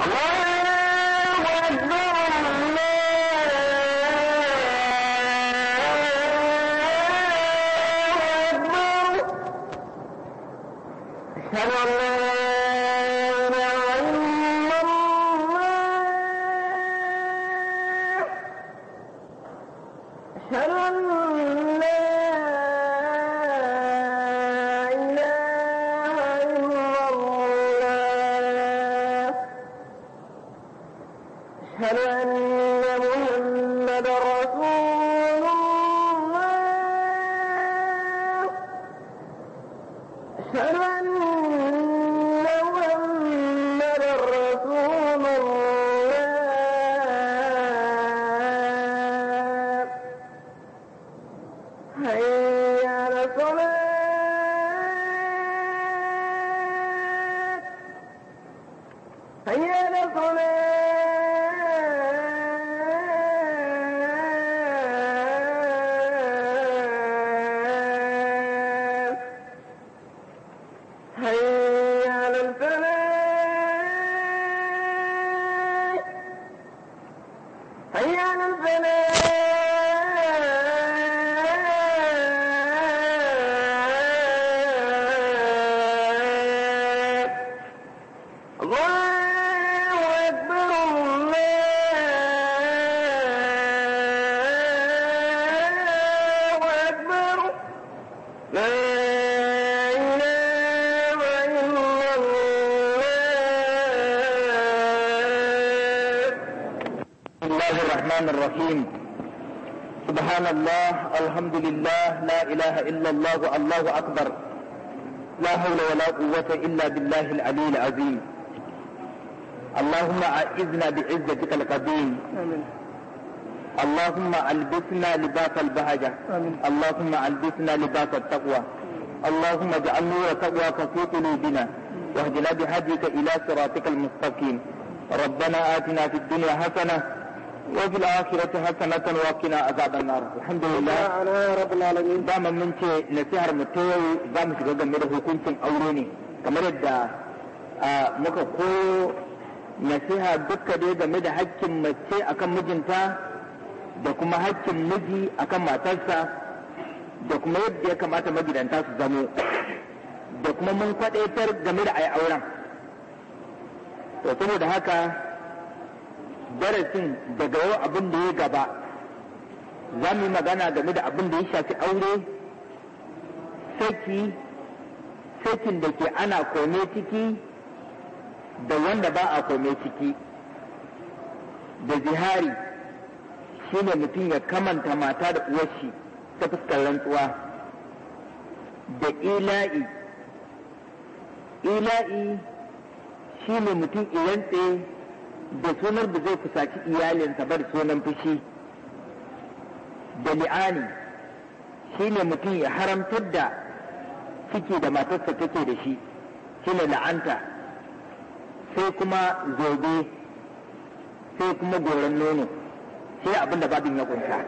Hello? الله الله أكبر لا حول ولا قوة إلا بالله العلي العظيم اللهم أعذنا بعزتك القديم آمين. اللهم ألبسنا لباس البهجة آمين. اللهم ألبسنا لباس التقوى اللهم اجعل نور تقواك في قلوبنا واهدنا بهديك إلى صراطك المستقيم ربنا آتنا في الدنيا حسنة وفي الآخرة حسنة وقنا عذاب النار الحمد لله أنا رب العالمين دائما من ce nasihar mu ta yau za mu shiga game da hukuncin aure ne kamar yadda muka koyo nasiha dukka dai game da hakkin mace akan mijinta da kuma hakkin miji akan matarsa da kuma yadda ya kamata magidanta su zamo da kuma mun kwadaitar game da ayi auren to saboda haka darasin daga yau abin da ya gaba za mu yi magana game da abin da ya shafi aure saki sakin da ke ana kome ciki da wanda ba a kome ciki da zihari shi ne mutum ya kamanta mata da uwarshi ta fuskar rantsuwa da ila'i ila'i shi ne mutum irantse da sunar da zai fusaci iyalinsa bar sunan fushi da li'ani shine mutum ya haramtar da ciki da matarsa take da shi ne la'anta sai kuma zobe sai kuma goron nono sai abin da babin ya kunta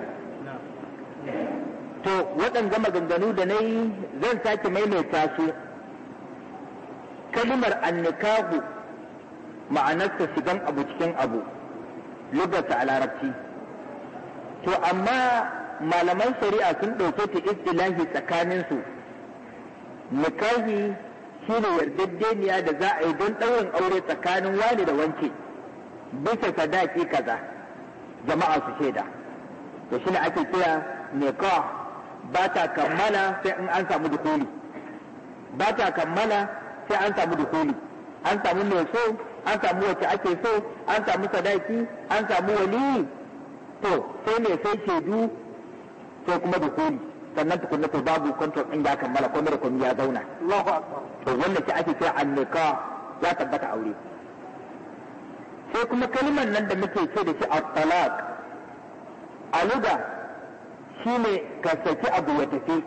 to waɗanda maganganu da na yi zan sake maimaita su kalimar annikahu ma'anarsa shigan abu cikin abu lugarsa a larabci to amma malaman shari'a sun ɗauke ta istilahi tsakaninsu nikahi shine ne yardaddeniya da za a yi don ɗaurin aure tsakanin wani da wanke bisa sadaki kaza jama'a su shaida to shi ne ake kira nikah ba ta kammala sai in an samu dukuli ba ta kammala sai an samu dukuli an samu mai so an samu wacce ake so an samu sadaki an samu wali to sai ne sai ke du sai kuma dukuri sannan tukunna to babu kwantar din ya kammala ko da komai ya zauna to wannan ke ake cewa annika ya tabbata aure sai kuma kalmar nan da muke ce da shi a talak aluga shine ka saki abu ya tafi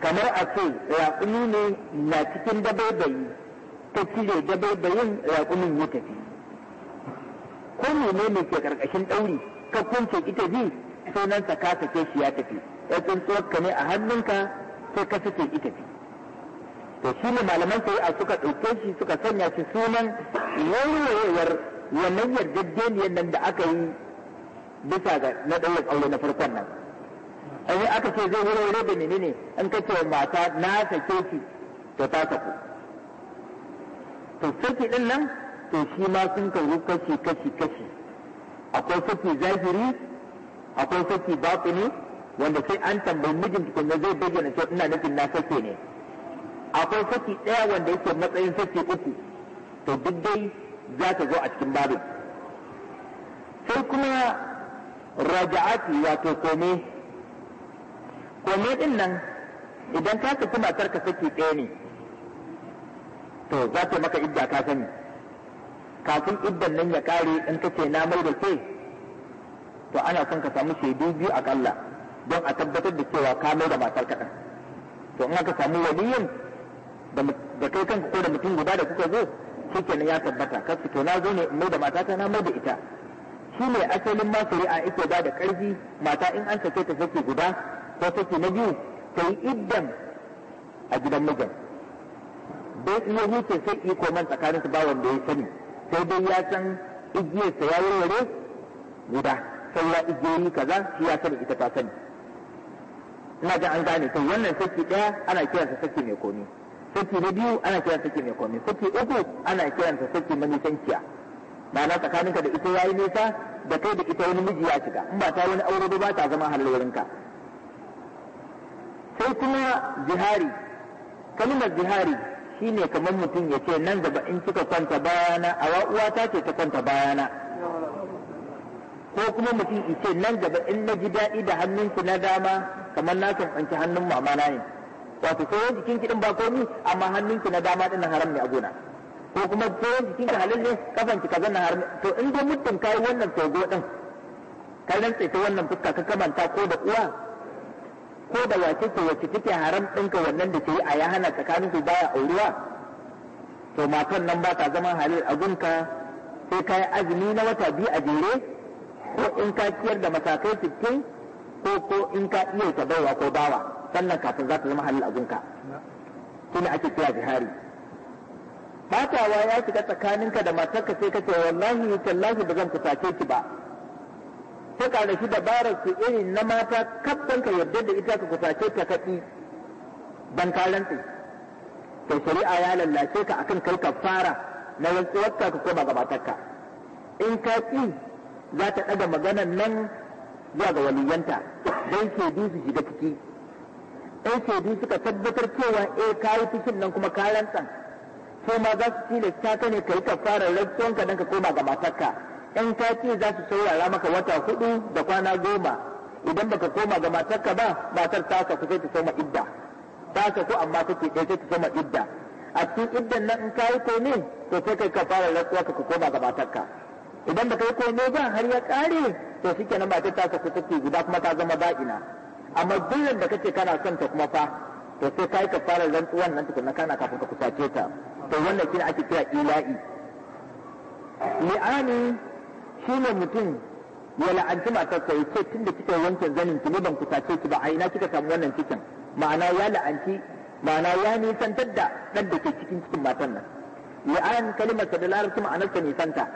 kamar a ce ya ne na cikin dabaibayi ta cire dabaibayin raƙumin ya tafi ko ne ne ke karkashin ɗauri ka kunce ita ji sunansa ka sake shi ya tafi ya tsuntsuwar ka ne a hannunka sai ka sake ita fi to shi ne malaman sai suka ɗauke shi suka sanya shi sunan warwarewar wannan yarjejeniyar nan da aka yi bisa ga na ɗaurin aure na farkon nan in aka ce zai wurare da menene in ka ce mata na sake shi to ta saku to sarki din nan to shi ma sun kauri kashi kashi kashi akwai sarki zahiri akwai sarki batini wanda sai an tambayi mijin kuma zai bayyana cewa ina nufin na sarki ne akwai saki ɗaya wanda yake matsayin saki uku to duk dai za ta zo a cikin babin sai kuma raja'ati wato kome kome din nan idan ka saki matar ka saki ɗaya ne to za ta maka idda ka sani kafin iddan nan ya kare in ka ce na mai da ke to ana son ka samu shaidu biyu akalla don a tabbatar da cewa ka mai da matar kaɗan to in aka samu waliyin da kai kanka ko da mutum guda da kuka zo shi ya tabbata ka to na zo ne in mai da matata na mai da ita shi ne asalin ma shari'a ake ba da ƙarfi mata in an sake ta sake guda ko sake na biyu ta yi iddan a gidan mijin don iya ya huce sai iko man tsakanin su ba wanda ya sani sai dai ya san sa ya warware guda sai ya igiyoyi kaza shi ya sani ita ta sani ina ga an gane kai wannan saki daya ana kiransa saki mai komi saki na biyu ana kiransa saki mai komi saki uku ana kiransa saki manisanciya ma'ana tsakaninka da ita yayi nisa da kai da ita wani miji ya shiga in ba ta wani aure ba ta zama halwarinka sai kuma jihari kalimar jihari shi ne kamar mutum ya ce nan gaba in kika kwanta bayana awa ta ce ta kwanta bayana ko kuma mutum ya ce nan gaba in na ji daɗi da hannunki na dama kamar na tsanci hannun mama na yin, wato sauran jikin kiɗin din ba komi amma hannunki na dama ɗin haram ne a gona ko kuma sauran jikin ka halin ne kafan ki ka na haram to in ga mutum yi wannan togo ɗin, ka rantsa ta wannan fuska ka kamanta ko da uwa ko da wace ce wace take haram ɗinka wannan da ke yi a ya hana tsakanin su baya auruwa to matan nan ba ta zama halil a gunka sai ka yi azumi na wata biyu a jere ko in ka ciyar da matakai sittin ko ko in ka iya ta baiwa ko bawa sannan kafin za ta zama halil a gunka shine ake kira jihari Matawa ya shiga tsakaninka da matarka sai ka ce wallahi tallahi ba zan fusace ki ba ta ƙarfi dabarar su irin na mata kafin ka yarda da ita ka kusace ta kaɗi ban karanta to shari'a ya lallace ka akan kai kafara na rantsuwarka ka koma gabatarka in ka ƙi za ta ɗaga maganan nan zuwa ga waliyanta don bi su shiga ciki in bi suka tabbatar cewa eh ka yi nan kuma ka rantsan ma za su tilasta ka ne ka yi kafarar rantsuwanka don ka koma gabatarka in ka ce za su saurara maka wata hudu da kwana goma idan baka koma ga matarka ba matar ta ka sai ta soma idda ta ka ko amma kake ɗaya sai ta soma idda a cikin iddan nan in ka yi kome to sai kai ka fara rantsuwa ka koma ga matarka idan baka yi kome ba har ya ƙare to nan matar ta ka take guda kuma ta zama ba'ina amma duk da kake kana son ta kuma fa to sai kai ka fara rantsuwan nan tukunna kana kafin ka kusace ta to wannan shine ake kira ila'i li'ani shi ne mutum ya la'anci sa ya ce da kika wancan zanin ki ne ban kusace ki ba a ina kika samu wannan cikin ma'ana ya la'anci ma'ana ya nisantar da ɗan da ke cikin cikin matan nan ayan kalimar da larabci ma'anarsa nisanta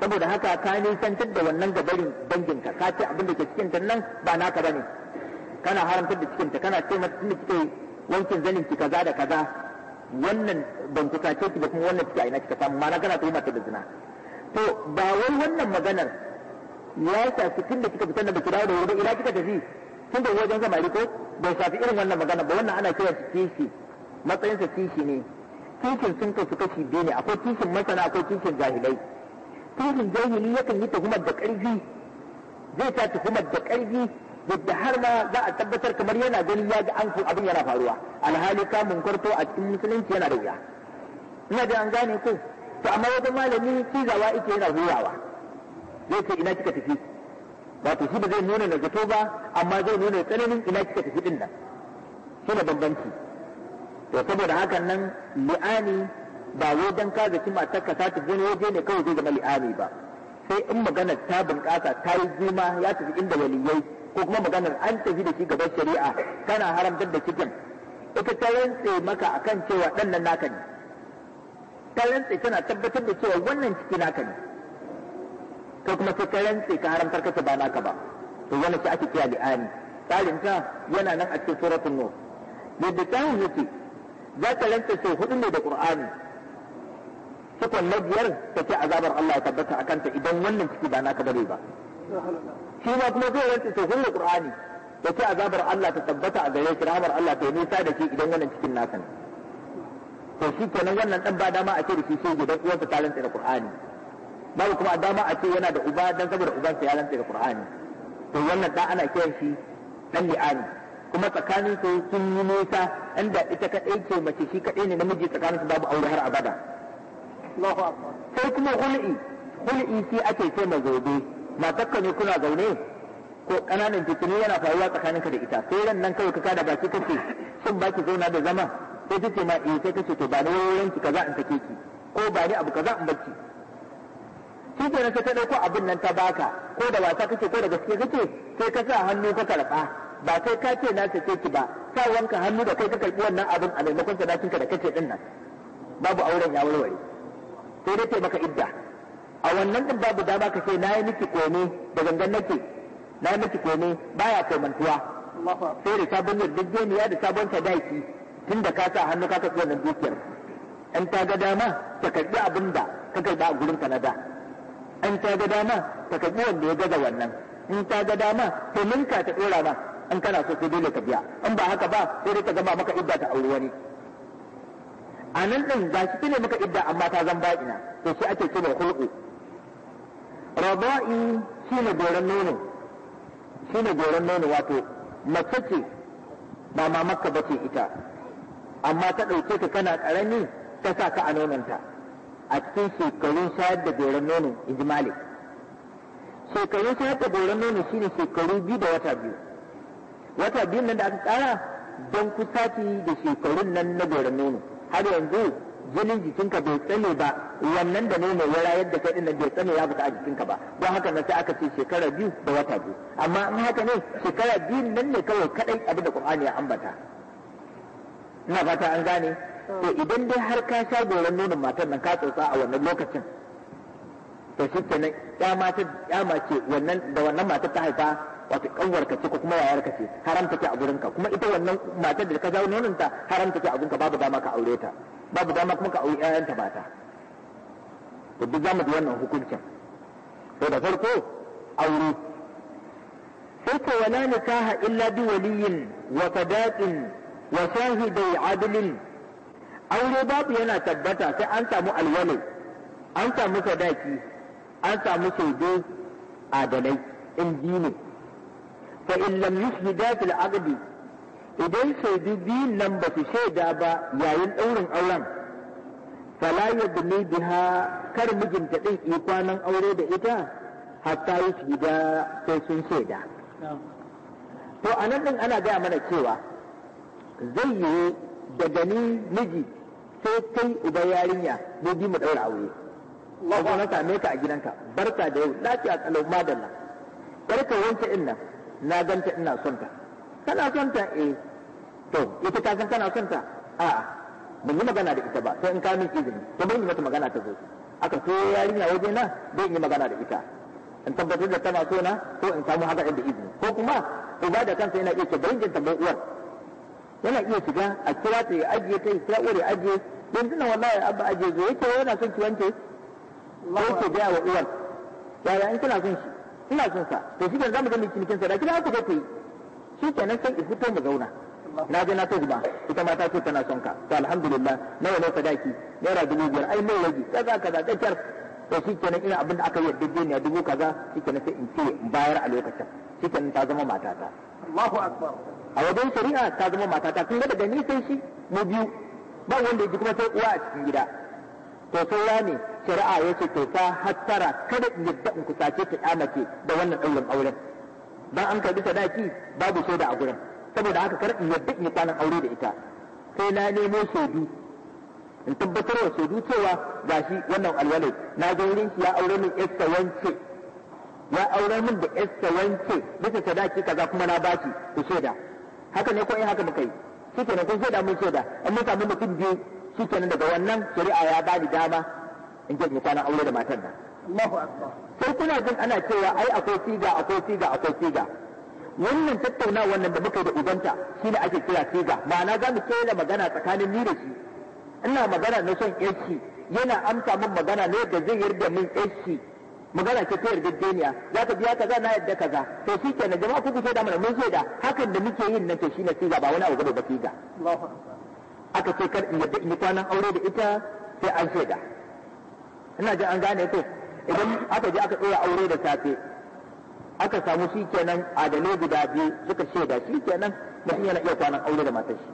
saboda haka ka nisantar da wannan gabarin danginka ka ce abin da ke cikin ta nan ba naka bane kana haramtar da cikin ta kana ce mata da kike wankin zanin ki kaza da kaza wannan ban kusace ki ba kuma wannan kika ina kika samu ma'ana kana tuhumar ta da zina to ba wai wannan maganar ya shafi tun da kika fitar da baki dawo da wurin ina kika tafi tun da wajen samari ko bai shafi irin wannan magana ba wannan ana kiran kishi matsayinsa kishi ne kishin sun kasu kashi biyu ne akwai kishin masana akwai kishin jahilai kishin jahili yakan yi tuhumar da ƙarfi zai ta tuhumar da ƙarfi yadda har ma za a tabbatar kamar yana gani ya ga an abin yana faruwa alhali kamun kwarto a cikin musulunci yana da wuya ina da an gane ko to amma wajen malami cizawa ike yana hurawa zai ce ina kika tafi to shi ba zai nuna na zato ba amma zai nuna tsananin ina kika tafi din nan suna bambanci to saboda hakan nan li'ani ba wajen ka zaki matarka ta tafi gani waje ne kawai zai zama li'ani ba sai in maganar ta bunƙasa ta yi girma ya tafi inda waliyai ko kuma maganar an tafi da shi gaban shari'a kana haramtar da cikin ita ta rantse maka akan cewa ɗan nan naka ne ka rantse tana tabbatar da cewa wannan ciki naka ne Ka kuma sai ka rantse ka haramtar kace ba naka ba to wannan shi ake kiyali ani tsarin ta yana nan a cikin suratul nur yadda tahu yake za ka rantse sau hudu ne da qur'ani sukun na biyar ta ce azabar Allah ya tabbata a kanta idan wannan ciki ba naka bane ba shi ma kuma zai rantse sau hudu da qur'ani ta ce azabar Allah ta tabbata a gare shi rahmar Allah ta yi nisa da shi idan wannan cikin naka ne to shi kenan wannan dan ba dama a ce da shi shege dan uwansa ta rantsa da Qur'ani babu kuma dama a ce yana da uba dan saboda ubansa ya rantsa da Qur'ani to wannan dan ana kiran shi dan li'ani kuma tsakanin su sun yi nisa inda ita kadai ce mace shi kadai ne namiji tsakanin su babu aure har abada Allahu akbar sai kuma hul'i hul'i shi ake ce ma zobe matakka ne kuna zaune ko kananan fitini yana faruwa tsakanin ka da ita sai ran nan kawai ka kada baki kake sun baki zauna da zama sai ta ce ma eh sai ta ce to ba ni wurin ki kaza in take ki ko ba ni abu kaza in barki shi nan sai ta dauko abin nan ta baka ko da wasa kake ko da gaske kake sai ka sa hannu ka karba ba sai ka ce na take ki ba sa wanka hannu da kai ka karbi wannan abin a maimakon sadakin ka da kake din nan babu auren ya warware sai dai taimaka idda a wannan din babu dama ka sai nayi miki kome da gangan nake nayi miki kome baya komantuwa sai da sabon yarjejeniya da sabon sadaki tunda ka sa hannu ka kasu wannan dukiyar in ta ga dama ta karbi abin da ka karba a gurin kanada in ta ga dama ta karbi wanda ya gaza wannan in ta ga dama to ninka ta ɗora ma in kana so sai dole ka biya in ba haka ba sai dai ka gama maka idda ta auri wani a nan ɗin ba shi ne maka idda amma ta zan ba ina, to shi ake cewa hulqu raba'i shi ne goron nono shi ne goron nono wato mace ce ba mamarka ba ce ita amma ta ɗauke ka kana ƙarami ta sa ka a nononta a cikin shekarun shayar da goron nono inji malik shekarun shayar da goron nono shine shekaru biyu da wata biyu wata biyun nan da aka ƙara don sati da shekarun nan na goron nono har yanzu jinin jikinka bai tsane ba wannan da nono ya rayar da kai dinnan bai tsane ya buka a jikinka ba don haka nan sai aka ce shekara biyu da wata biyu amma in haka ne shekara biyu nan ne kawai kadai abin da Qur'ani ya ambata ina fata an gane to mm. eh, idan dai har ka sha goran nonon matar nan ka tsotsa a wannan lokacin to shi nan ya mata ya mace wannan da wannan matar ta haifa wato ka ce ko kuma ka ce haramta ke a gurinka kuma ita wannan matar da ka jawo nonon ta haramta ke a gurinka babu dama ka aure ta babu dama kuma ka aure ta mata to duk za mu ji wannan hukuncin to da farko aure sai ko wala nikaha illa bi waliyin wa fadatin wa shahidai adlin aure babu yana tabbata sai an samu alwali an samu sadaki an samu shaidu adalai in dini fa in lam yushhida fil aqdi idan shaidu biyun nan ba su shaida ba yayin ɗaurin auren fala yadni biha kar mijinta ɗin ikwanan aure da ita hatta yushhida sai sun shaida to anan ɗin ana gaya mana cewa zai yiwu daga ni miji sai kai uba yarinya mu bi mu daura aure Allah na same ka a gidanka barka da yau lafiya kalau madalla barka wanke in nan na ganta ina son ta kana son ta eh to ita ka san kana son ta a'a ban yi magana da ita ba sai in ka min izini to bari mata magana ta zo aka so yarinya waje na bai yi magana da ita in tabbatar da tana so na ko in samu haka da izini ko kuma uba da kansa yana iya ke bari in tambayi uwar yana iya shiga a kira ta ya ajiye ta kira ure ya ajiye yanzu na wallahi abba ajiye zo yake yana son ki wanke yake ke wa uwar yaya in kina son shi ina son sa to shi kenan zamu ga miki cinikin sa da kina ku kai shi kenan sai ki fito mu zauna na ga na so guba ita ma ta ce tana son ka to alhamdulillah nawa ne sadaki naira dubu biyar ai mai yaji kaza ka kyar. to shi kenan ina abin da aka yi da ni dubu kaza shi kenan sai in ce in bayar a lokacin shi kenan ta zama matata Allahu akbar a wajen shari'a ta zama matata kun ga daga ni sai shi mu biyu ba wanda ya ji kuma sai uwa a cikin gida to saura ne shari'a ya ce to fa hattara kada in yadda in kusace ta kyamace da wannan ɗaurin auren dan an karbi sadaki babu shaida a gurin saboda haka kar in yadda in yi kwanan aure da ita sai na nemo shaidu in tabbatar wa shaidu cewa gashi wannan alwale na ga wurin shi ya aure min esta wance ya aure min da esta wance bisa sadaki kaza kuma na baki ku shaida haka ne ko in eh haka muka yi shikenan kun shaida mun shaida in mun samu mutum biyu shikenan daga wannan shari'a ya ba ni dama in je ni kwana aure da matan nan Allahu akbar sai kuna jin ana cewa ai akwai siga akwai siga akwai siga wannan tattaunawa nan da muka yi da ubanta ne ake kira siga ma'ana za mu kera magana tsakanin ni da shi ina magana na son eshi yana amsa min magana ne da zai yarda min eshi. magana ce ta yarjejeniya za ka biya kaza na yadda kaza to shi kenan jama'a kuku shaida mana mun da hakan da muke yin nan to na siga ba wani abu gado ba siga aka ce kar in yadda in kwanan aure da ita sai an shaida ina ji an gane to idan aka je aka ɗora aure da safe aka samu shi kenan adalai guda biyu suka shaida shi kenan mutum yana iya kwanan aure da matar shi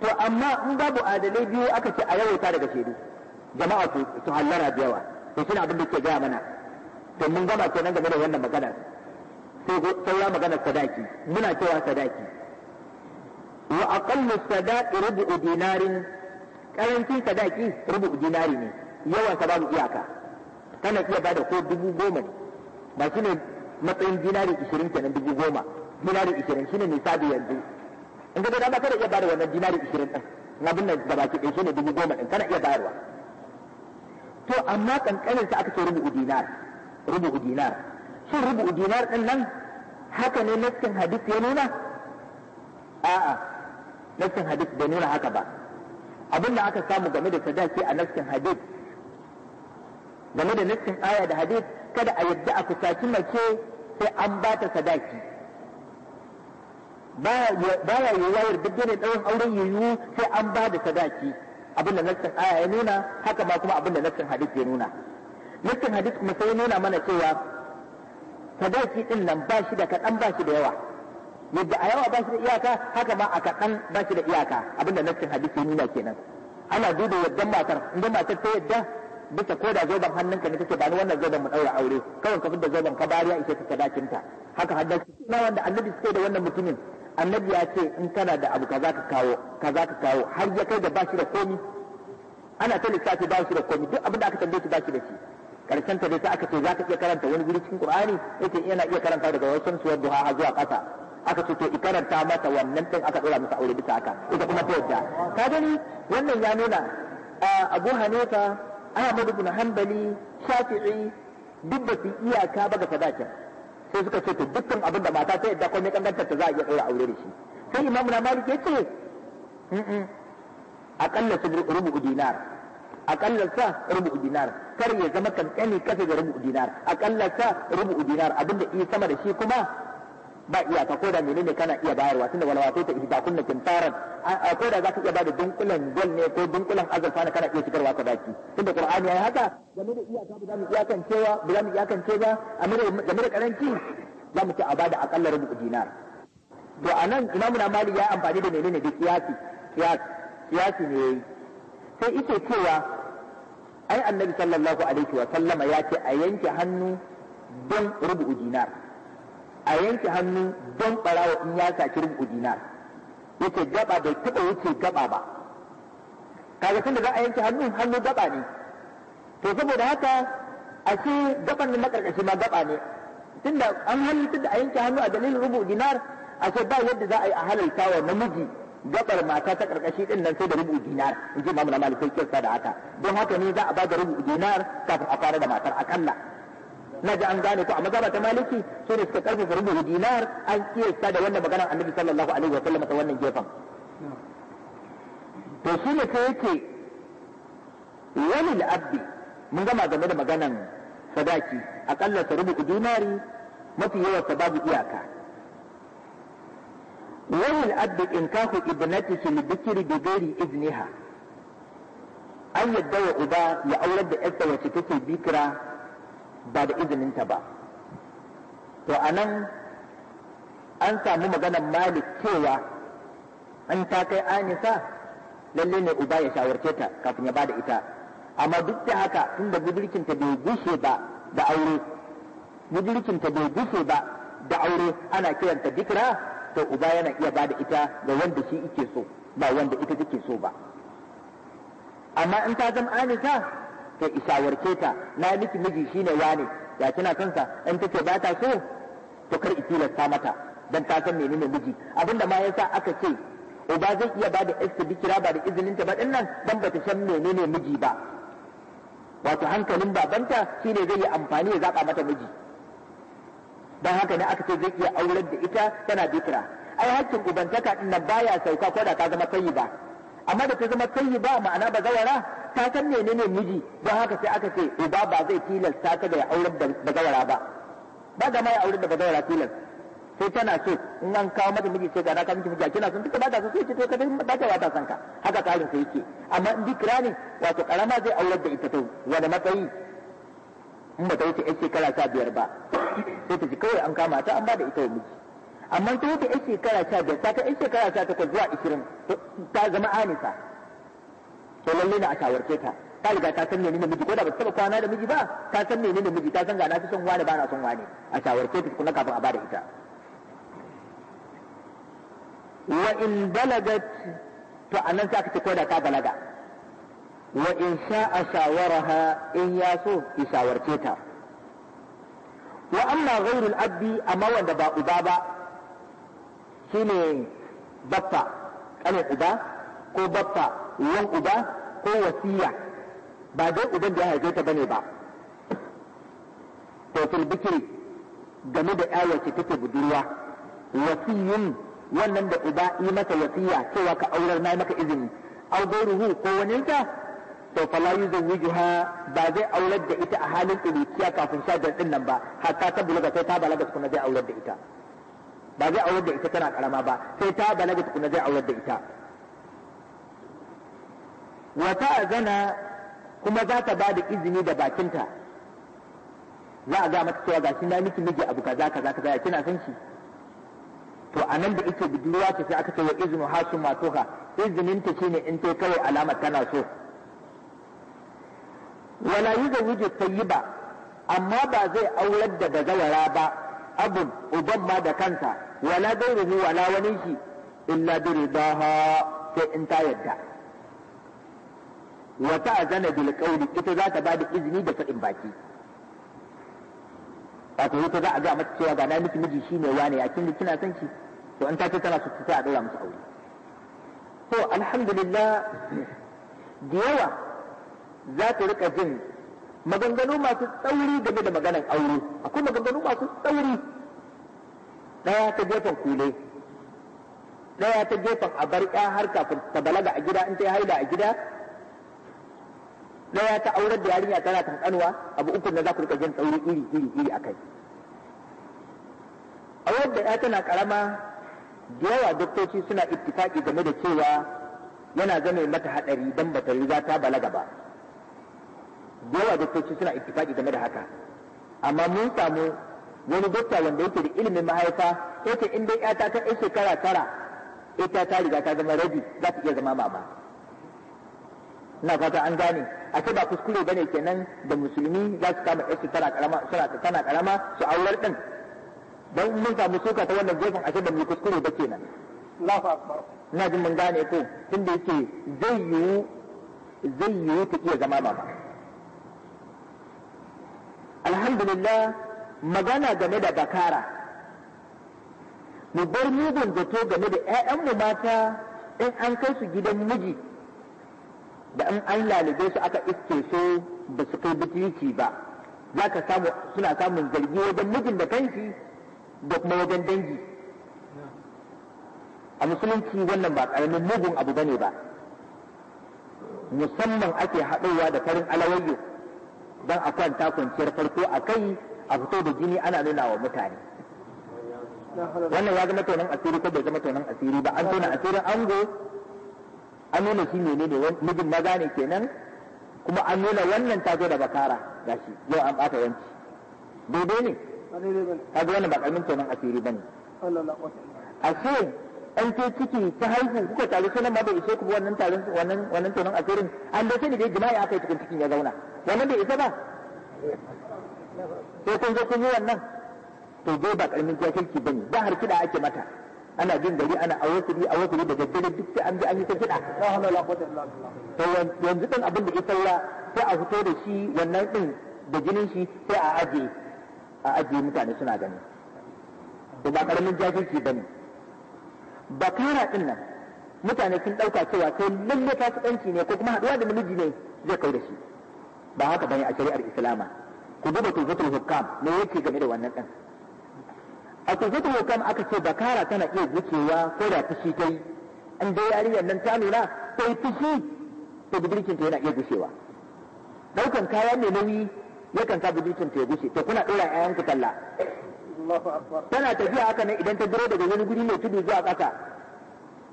to amma in babu adalai biyu aka ce a yawaita daga shaidu jama'a su hallara da yawa to suna abin da ke gaya mana to mun gama kenan game da wannan maganar sai ya magana sadaki muna cewa sadaki wa aqallu sadaqi rubu dinarin karancin sadaki rubu dinari ne yawan sa babu iyaka kana iya bada ko dubu goma ne ba shine ne matsayin dinari ishirin kenan dubu goma dinari ishirin shine misali yanzu in ka ga dama kada iya bada wannan dinari ishirin din abin nan da baki ɗaya shine dubu goma din kana iya bayarwa to amma kankanin sa aka ce rubu dinar rubu dinar shin rubu dinar din nan haka ne nassin hadith ya nuna a'a nassin hadith bai nuna haka ba abin da aka samu game da sadaki a nassin hadith game da nassin aya da hadith kada a yadda a kusaci mace sai an ba ta sadaki baya yiwuwa yarda ne dawon auren yiwu sai an ba da sadaki abin da nassin aya ya nuna haka ma kuma abin da nassin hadith ya nuna nassin hadith kuma sai nuna mana cewa sadaki din nan ba shi da kaɗan ba shi da yawa yadda a yawa ba shi da iyaka haka ma a kaɗan ba shi da iyaka abin da nassin hadith ya nuna kenan ana duba yadda matar inda matar ta yadda bisa ko da zoben hannunka ne take ba ni wannan zoben mu daura aure kawai ka da zoben ka bariya ita ta sadakinta haka haddace na wanda annabi suke da wannan mutumin annabi ya ce in tana da abu kaza ka kawo kaza ka kawo har ya kai da bashi da komi ana ta lissafi bashi da komi duk abin da aka tambaye shi bashi da shi karshen ta dai sai aka ce za ka iya karanta wani wuri cikin qur'ani yake yana iya karanta daga wasan suwar duha zuwa kasa aka ce to i karanta mata wannan din aka dora masa aure bisa haka ita kuma ta yadda ka gani wannan ya nuna Abu Hanifa Ahmad ibn Hanbali Shafi'i duk ba su iyaka ba ga sadakin sai suka ce to dukkan abin da mata ta yadda ko ne kankantar ta za a iya tsaye aure da shi sai imamu na malik ce akalla su rubu dinar akalla sa rubu dinar kar ya zama kankani kasa da rubu dinar akalla sa rubu dinar abinda iya sama da shi kuma ba iyaka ko da menene kana iya bayarwa tunda wala wato ta ihda kunna kintaran ko da zaka iya bada dunkulan gol ne ko dunkulan azurfa ne kana iya shigarwa ka baki tunda qur'ani yayi haka game da iyaka ba za mu iyakan cewa ba za mu iyakan ce ba game da karanci za mu ce a bada akalla rubu dinar to anan imamu na mali ya amfani da menene da kiyasi kiyasi kiyasi ne sai ita cewa ai annabi sallallahu alaihi wa sallama ya ce a yanke hannu don rubu dinar a yanke hannu don barawa in ya saki rubu dinar yake gaba bai taba wuce gaba ba kaga tunda za a yanke hannu hannu gaba ne to saboda haka a ce gaban nan makarkashi ma gaba ne tunda an hannu tunda a yanke hannu a dalilin rubu dinar a ce ba yadda za a yi a halalta wa namiji gabar mata ta karkashi din nan sai da rubu dinar in ji mamu na malikai kirsa da haka don haka ne za a ba da rubu dinar kafin a fara da matar akalla na ji an gane ko a mazhaba ta maliki su ne suka karfafa rubu dinar an iya sa da wannan maganar annabi sallallahu alaihi wa sallam ta wannan gefen to su ne sai yake wani abdi mun gama game da maganan sadaki akalla ta rubu dinari mafi yawa ta babu iyaka wani abdi in kahu ibnatihi lidhikri bi ghairi izniha an yadda wa uba ya aurar da yarsa wacce take bikira ba da izininta ba to anan an samu maganar malik cewa an ta kai anisa lalle ne uba ya shawarce ta kafin ya bada ita amma duk da haka tunda budurkinta bai gushe ba da aure budurkinta bai gushe ba da aure ana kiranta dikra to uba yana iya bada ita ga wanda shi yake so ba wanda ita take so ba amma in ta zama anisa ta warke ta na miki miji shine wane ya kina kansa in take ba ta so to kar tilasta mata dan ta san menene miji abinda ma yasa aka ce uba zai iya ba da yarsa bikira ba da izinin ta ba din nan dan bata san menene miji ba wato hankalin babanta shine zai yi amfani ya zaba mata miji dan haka ne aka ce zai iya aurar da ita tana bikira ai hakkin ubantaka din nan baya sauka ko da ta zama tayyiba ba amma da ta zama tayyi ba ma'ana ba gawara ta san menene miji don haka sai aka ce uba ba zai tilasta ta da ya aurar da bazawara ba ba da ma ya aurar da bazawara tilas sai tana so in an kawo mata miji sai ga na kawo miki miji kina son duka ba ta so ce to ka dai ba ta wata sanka ka haka ka sai yake amma in dikira ne wato karama zai aurar da ita to wani matsayi in ba ta wuce 'yan shekara sha biyar ba sai ta ji kawai an kama ta an ba da ita wa miji amma ta wata yan shekara sha biyar ta kai yan shekara sha takwas zuwa ishirin ta zama anisa to lalle na a shawarce ta ta riga ta san menene miji ko da ba ta kwana da miji ba ta san menene miji ta san ga na fi son wani ba na son wani a shawarce ta kuma kafin a bada ita wa in balagat to anan sai aka ce ko da ta balaga wa in sha'a shawaraha in ya so ki shawarce ta wa amma ghairul abdi amma wanda ba uba ba shine batta kanin uba ko batta uwan uba ko wasiya ba dai uban da ya haife ta bane ba to fil bikri game da ya ce take budurwa wasiyun wannan da uba yi maka wasiya cewa ka aurar na maka izini aw gairuhu ko wani ta to fala yuzawwijuha ba zai aurar da ita a halin tsiriciya kafin sha din nan ba hatta ta bulaga sai ta balaga tukuna zai aurar da ita ba zai aurar da ita tana karama ba sai ta balaga tukuna zai aurar da ita ta zana kuma za ta bada izini da bakinta za a ga mata cewa gashi na miki miji abu kaza kaza kaza kina san shi to a nan da ita budurwa ta sai aka ce wa izinu hasu matuha izinin ta shine in ta kawai alama tana so wala yuzawiju tayyiba amma ba zai aurar da bazawara ba abun uban ma da kansa wala gairuhu wala wani shi illa bi ridaha sai in ta yadda wa ta'zana bil qawli ita za ta bada izini da fadin baki wato ita za a ga mata cewa ga na miki miji shi ne wane a kin kina son shi to in ta ce tana so ta a daura musu aure to alhamdulillah da yawa za ta rika jin maganganu masu tsauri game da maganar aure akwai maganganu masu tsauri daya ta gefen kule daya ta gefen a bar ƴa har kafin ta balaga a gida in ta haila a gida daya ta aurar da yarinya tana tankanuwa abu uku na za ku rika jin tsauri iri iri iri akai a wadda ya tana karama da yawa doktoci suna ittifaki game da cewa yana zame mata hadari dan bata riga ta balaga ba da yawa doktoci suna ittifaki game da haka amma mun samu wani dokta wanda yake da ilimin mahaifa yace in dai ya ta ɗan shekara tara ita ta riga ta zama rabi za ta iya zama mama ina fata an gane a ce ba kuskure bane kenan da musulmi za su kama ƴarsu tana karama suna tana karama su aurar ɗin don mun samu suka ta wannan gefen a ce ba mu kuskure ba kenan ina jin mun gane ko tunda yake zai yiwu zai yiwu ta iya zama mama alhamdulillah magana game da bakara mu bar mugun zato game da 'ya'yanmu mata in an kai su gidan miji da in an lalube su aka iske su ba su kai butulci ba za ka samu suna samun zargi wajen mijin da kanshi da kuma wajen dangi a musulunci wannan ba ƙaramin mugun abu bane ba musamman ake haɗowa da farin alawayo don a kwanta kwanciyar farko a kai a fito da jini ana nuna wa mutane wannan ya zama tonon asiri ko bai zama tonon asiri ba an tona asirin ango an nuna shi ne ne mijin maza ne kenan kuma an nuna wannan ta zo da bakara gashi yau an bata yanci daidai ne kaga wannan ba karamin tonon asiri ba ne ashe an ce ciki ta haihu kuka tare sunan ma bai ishe ku wannan tarin wannan wannan tonon asirin an da sai ne dai jima'i aka yi cikin cikin ya zauna wannan bai isa ba sai kun zo kun yi wannan to dai ba karamin jahilci bane ba har kida ake mata ana jin gari ana awasiri awasiri da daddare duk sai an bi an yi ta kida to yanzu din abin da ke sallah sai a fito da shi wannan din da jinin shi sai a aje a aje mutane suna gani to ba karamin jahilci bane bakara din nan mutane sun dauka cewa sai lalle fasikanci ne ko kuma haduwa da namiji ne zai kai da shi ba haka bane a shari'ar islama ku duba tulfatul hukam me yake game da wannan din a tulfatul hukam aka ce bakara tana iya zukewa ko da fushi ta yi dai yariyar nan ta nuna ta yi fushi to budurkin ta yana iya gushewa daukan kaya mai nauyi yakan sa ta ya gushe ta kuna dora ayan ku talla tana tafiya haka nan idan ta biro daga wani guri mai tudu zuwa ƙasa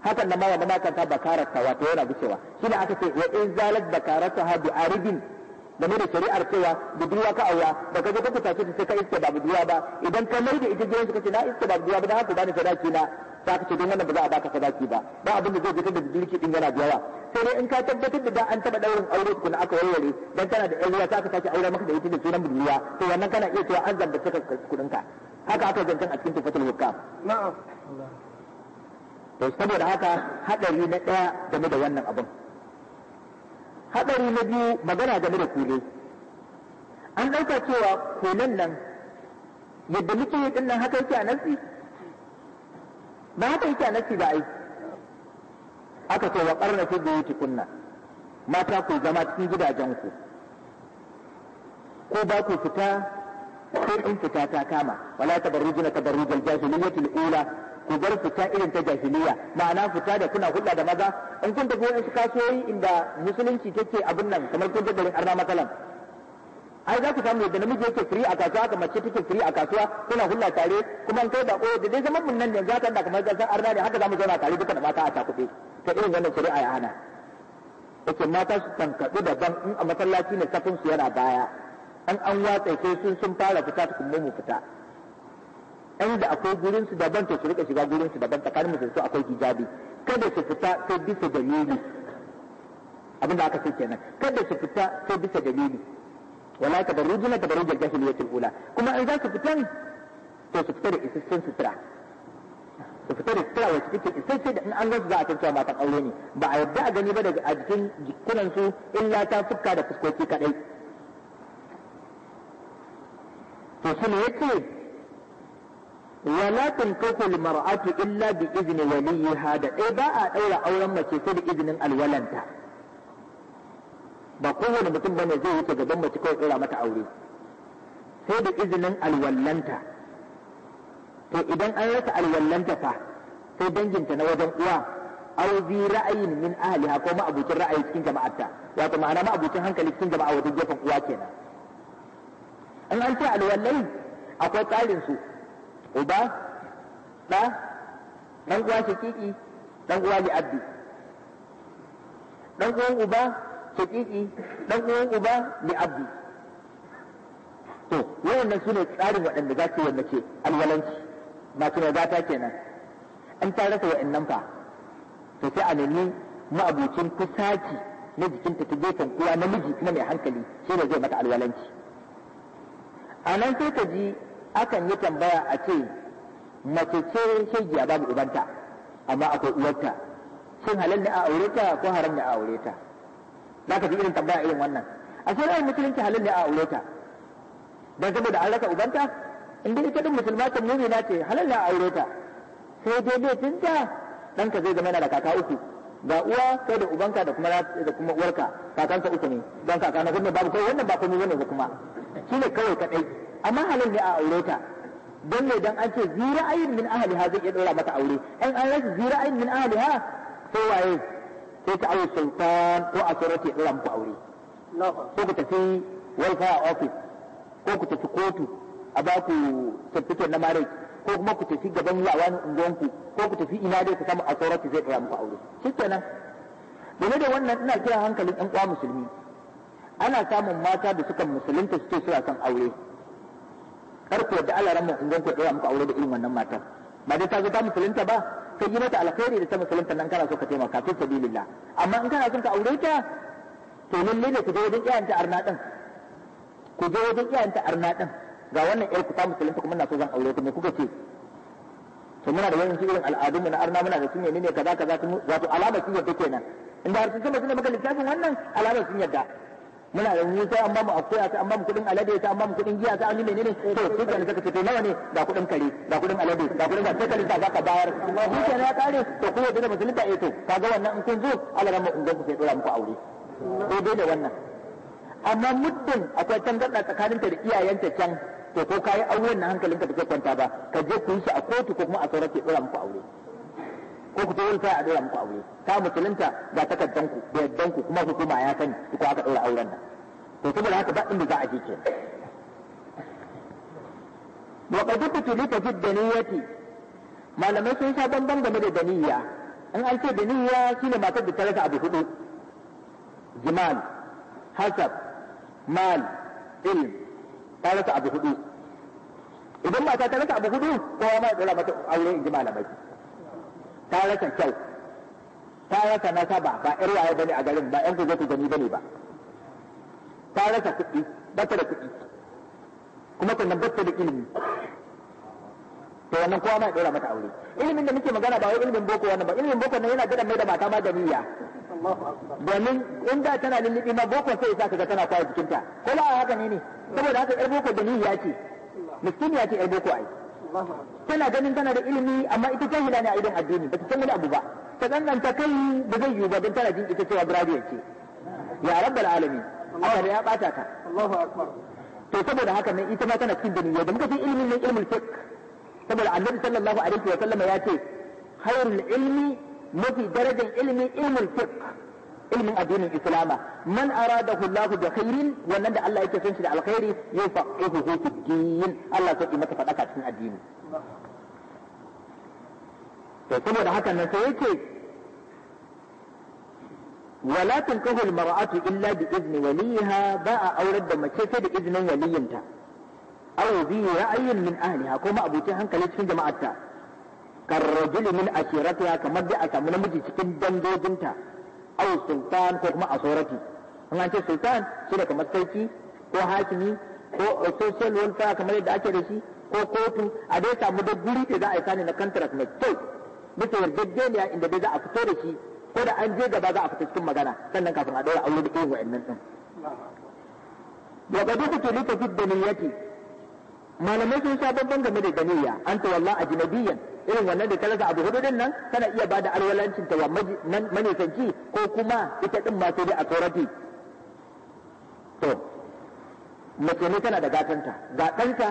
hakan nan ma wanda ma kan ta bakara ta wato yana gushewa shi ne aka ce wa in zalat da ha bi aridin game da shari'ar cewa budurwa ka aura ba ka je ka tace ta sai ka iske ba budurwa ba idan ka mai da ita ka ce na iske ba budurwa ba dan haka bani sadaki na ta ce don wannan ba za a baka sadaki ba ba abin da zai je da budurki din yana da yawa sai dai in ka tabbatar da an taba daurin aure ku na aka warware dan kana da ƴan ta aka sake aure maka da ita da sunan budurwa to wannan kana iya cewa an zanta ka kudin ka haka aka zancan a cikin tufatul hukka na'am to saboda haka hadari na daya game da wannan abin haɗari na biyu magana game da kule an ɗauka cewa kulen nan yadda muke yi ɗin nan haka yake a nasi ba haka yake a nasi ba ai aka ce wa ƙarna fi da yake kunna mata ku zama cikin gidajen ku ko ba ku fita ko in fita ta kama wala tabarrujuna tabarrujal jahiliyyati al-ula ku bar fita irin ta jahiliya ma'ana fita da kuna hulɗa da maza in kun tafi wani kasuwoyi inda musulunci take abin nan kamar kun garin arna matsalan ai za ku samu yadda namiji yake firi a kasuwa haka mace take firi a kasuwa kuna hulɗa tare kuma in kai da ko da dai zaman mun nan yanzu haka da kamar san arna ne haka za mu zauna tare duka da mata a takuɗe ta irin wannan shari'a ya hana yake mata su tankaɗu daban in a masallaci ne safin su yana baya an an watsa sai sun sun fara fita kuma mu fita ɗan da akwai gurin su daban to su rika shiga gurin su daban tsakanin musu su akwai hijabi kada su fita sai bisa dalili abinda aka ce kenan kada su fita sai bisa dalili wala ka tabarrujuna tabarrujal jahiliyatul ula kuma in za su ne to su fita da isassun sutura su fita da sutura wacce take isassun da in an gansu za a tantuwa matan aure ne ba a yadda a gani ba daga a jikin jikunan su illa ta fuska da fuskoki kadai to su ne yake wala tankahu mar'atu illa bi izni waliha da dai ba a daura auren mace sai da izinin alwalanta ba kowane mutum bane zai wuce gaban mace kawai tsira mata aure sai da izinin alwallanta to idan an rasa alwallanta fa sai danginta na wajen uwa aw bi ra'ayin min ahliha ko ma'abucin ra'ayi cikin jama'arta wato ma'ana ma'abucin hankali cikin jama'a wajen gefen uwa kenan in an ce alwallai akwai tsarin su uba ɗa ɗan uwa shaƙiƙi ɗan uwa li abu. ɗan uwan uba shaƙiƙi ɗan uwan uba li abu. to wayannan su ne tsarin waɗanda za su wanda ce alwalanci mace ta kenan an ta rasa waɗannan fa to sai a nemi ma'abucin kusaci na jikinta ta gefen uwa namiji kuma mai hankali shi ne zai mata alwalanci a nan sai ta ji akan yi tambaya a ce mace ce shegiya babu ubanta amma akwai uwarta shin halal ne a aure ta ko haram ne a aure ta za ka ji irin tambaya irin wannan a shari'ar musulunci halal ne a aure ta dan saboda an raka ubanta inda ita din musulma ta na ce halal ne a aure ta sai dai laifin ta ɗanka zai zama yana da kaka uku ga uwa kai da ubanka da kuma da kuma uwarka kakanka uku ne don kaka na babu kai wannan ba komai bane ba kuma shi ne kawai kadai amma halal ne a aure ta don ne dan an ce zira ayin min ha zai iya dora mata aure in an rasa zira ayin min ha sai waye sai ta aure sultan ko a tsoro ta dora muku aure ko ku tafi welfare office ko ku tafi kotu a ba ku certificate na marriage ko kuma ku tafi gaban wani ku, ko ku tafi ina dai ku samu a tsoro zai dora muku aure shikenan game da wannan ina kira hankalin yan uwa musulmi ana samun mata da suka musulunta suke suna kan aure karko da Allah ran in ganka tsaya muku aure da irin wannan matar ba dai ta zo ta musulunta ba kai yi mata alkhairi da ta musulunta nan kana so ka taimaka fi sabilillah amma in kana son ka aure ta to lalle ne ku je wajen iyayenta arna din ku je wajen iyayenta arna din ga wannan yar ku ta musulunta kuma na so zan aure ku me kuka ce to muna da wani irin al'adun mu na arna muna da sunne ne kaza kaza wato alama sun yadda kenan inda har sun ce mutum maka littafin wannan alama sun yadda muna da wuta an bamu a ta an bamu kudin alade ta an bamu kudin giya ta an yi menene to shi kenan saka ce nawa ne ga kudin kare ga kudin alade ga kudin ga kare da zaka bayar shi ke ya kare to kuma da musulunta eh to kaga wannan in kun zo Allah ran mu ku sai dora muku aure ko dai da wannan amma muddin akwai tangarda tsakaninta da iyayenta can to ko kai auren na hankalinka take kwanta ba ka je ku yi shi a kotu ko kuma a sauraki, dora muku aure ko ku je ta a ɗora muku aure ta musulunta ga takardan ku da yaddan ku kuma hukuma ya sani ku aka ɗora auren nan to saboda haka ba inda za a je kenan wa qad tutulika jid daniyati malamai sun sha bamban game da daniya in an ce daniya shine matar da ta rasa abu hudu jimal hasab mal ilm ta rasa abu hudu idan mata ta rasa abu hudu kowa ma ya tsira mata aure in ji malamai ta rasa kyau ta rasa nasaba ba yar waye bane a garin ba yan kuje gani bane ba ta rasa kuɗi ba ta da kuɗi kuma sannan ba ta da ilimi to wannan kowa ma ya mata aure ilimin da muke magana ba wai ilimin boko wannan ba ilimin boko nan yana gida mai da mata ma da niyya domin in da tana lullubi ma boko sai ya sa ga tana kwaya jikinta ko ba haka ne ne saboda haka ƴar boko da niyya ce ya ce ƴar boko ai tana ganin tana da ilimi amma ita jahila ne a idan addini ba ta san wani abu ba ta danganta kai ba zai yiwu ba don tana jin ita cewa graduate ce ya rabbal alamin haka da ya bata ka to saboda haka nan ita ma tana cikin duniya da muka ce ilimin ne ilmul fiqh saboda annabi sallallahu alaihi wa sallam ya ce hayrul ilmi mafi darajar ilmi ilmul fiqh ilmin addinin islama man aradahu Allah bi khairin wannan da Allah yake son shi da alkhairi yufaqihu fi din Allah sai mata fadaka cikin addini to saboda haka nan sai yake wala tankahu almar'atu illa bi izni waliha ba a aurar da mace sai da iznin waliyinta aw bi ra'ayin min ahliha kuma abucin hankali cikin jama'arta karrajuli min ashiratiha kamar da a samu namiji cikin dangoginta aw sultan ko kuma authority in an ce sultan shi da kamar sarki ko hakimi ko social welfare kamar yadda ake da shi ko kotu a dai samu da guri da za a yi sani na contract mai kyau bisa a inda dai za a fito da shi ko da an je gaba za a fita cikin magana sannan kafin a ɗora aure da irin wa'annan ɗin. Wa ga duk tuli ta fidda niyyati malamai sun sa babban game da ganiya an ta walla ajnabiyan irin wannan da talaka abu hudu din nan tana iya bada alwalancin ta wa manisanci ko kuma ita din ma sai dai a to mace ne tana da gatanta ga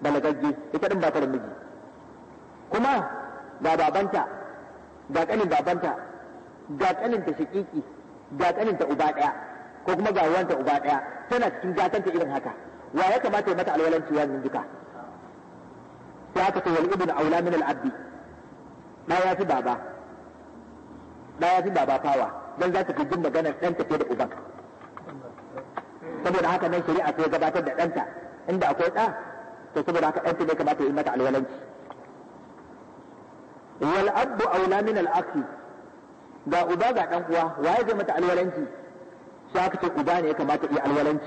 balagagge ita din ba ta da miji kuma ga babanta ga kanin babanta ga kanin ta shiƙiƙi ga kanin ta uba ɗaya ko kuma ga ruwanta uba ɗaya tana cikin gatanta irin haka wa ya kamata ya mata alwalanci zan duka sai aka ce wal ibnu aula min al abdi da ya fi baba da ya fi baba fawa dan za ta fi jin maganar dan tafe da uban saboda haka nan shari'a sai gabatar da ɗanta inda akwai ɗa to saboda haka ɗanta ne kamata ya mata alwalanci wal abdu aula min al akhi ga uba ga dan uwa waye zai mata alwalanci sai aka ce uba ne ya kamata yi alwalanci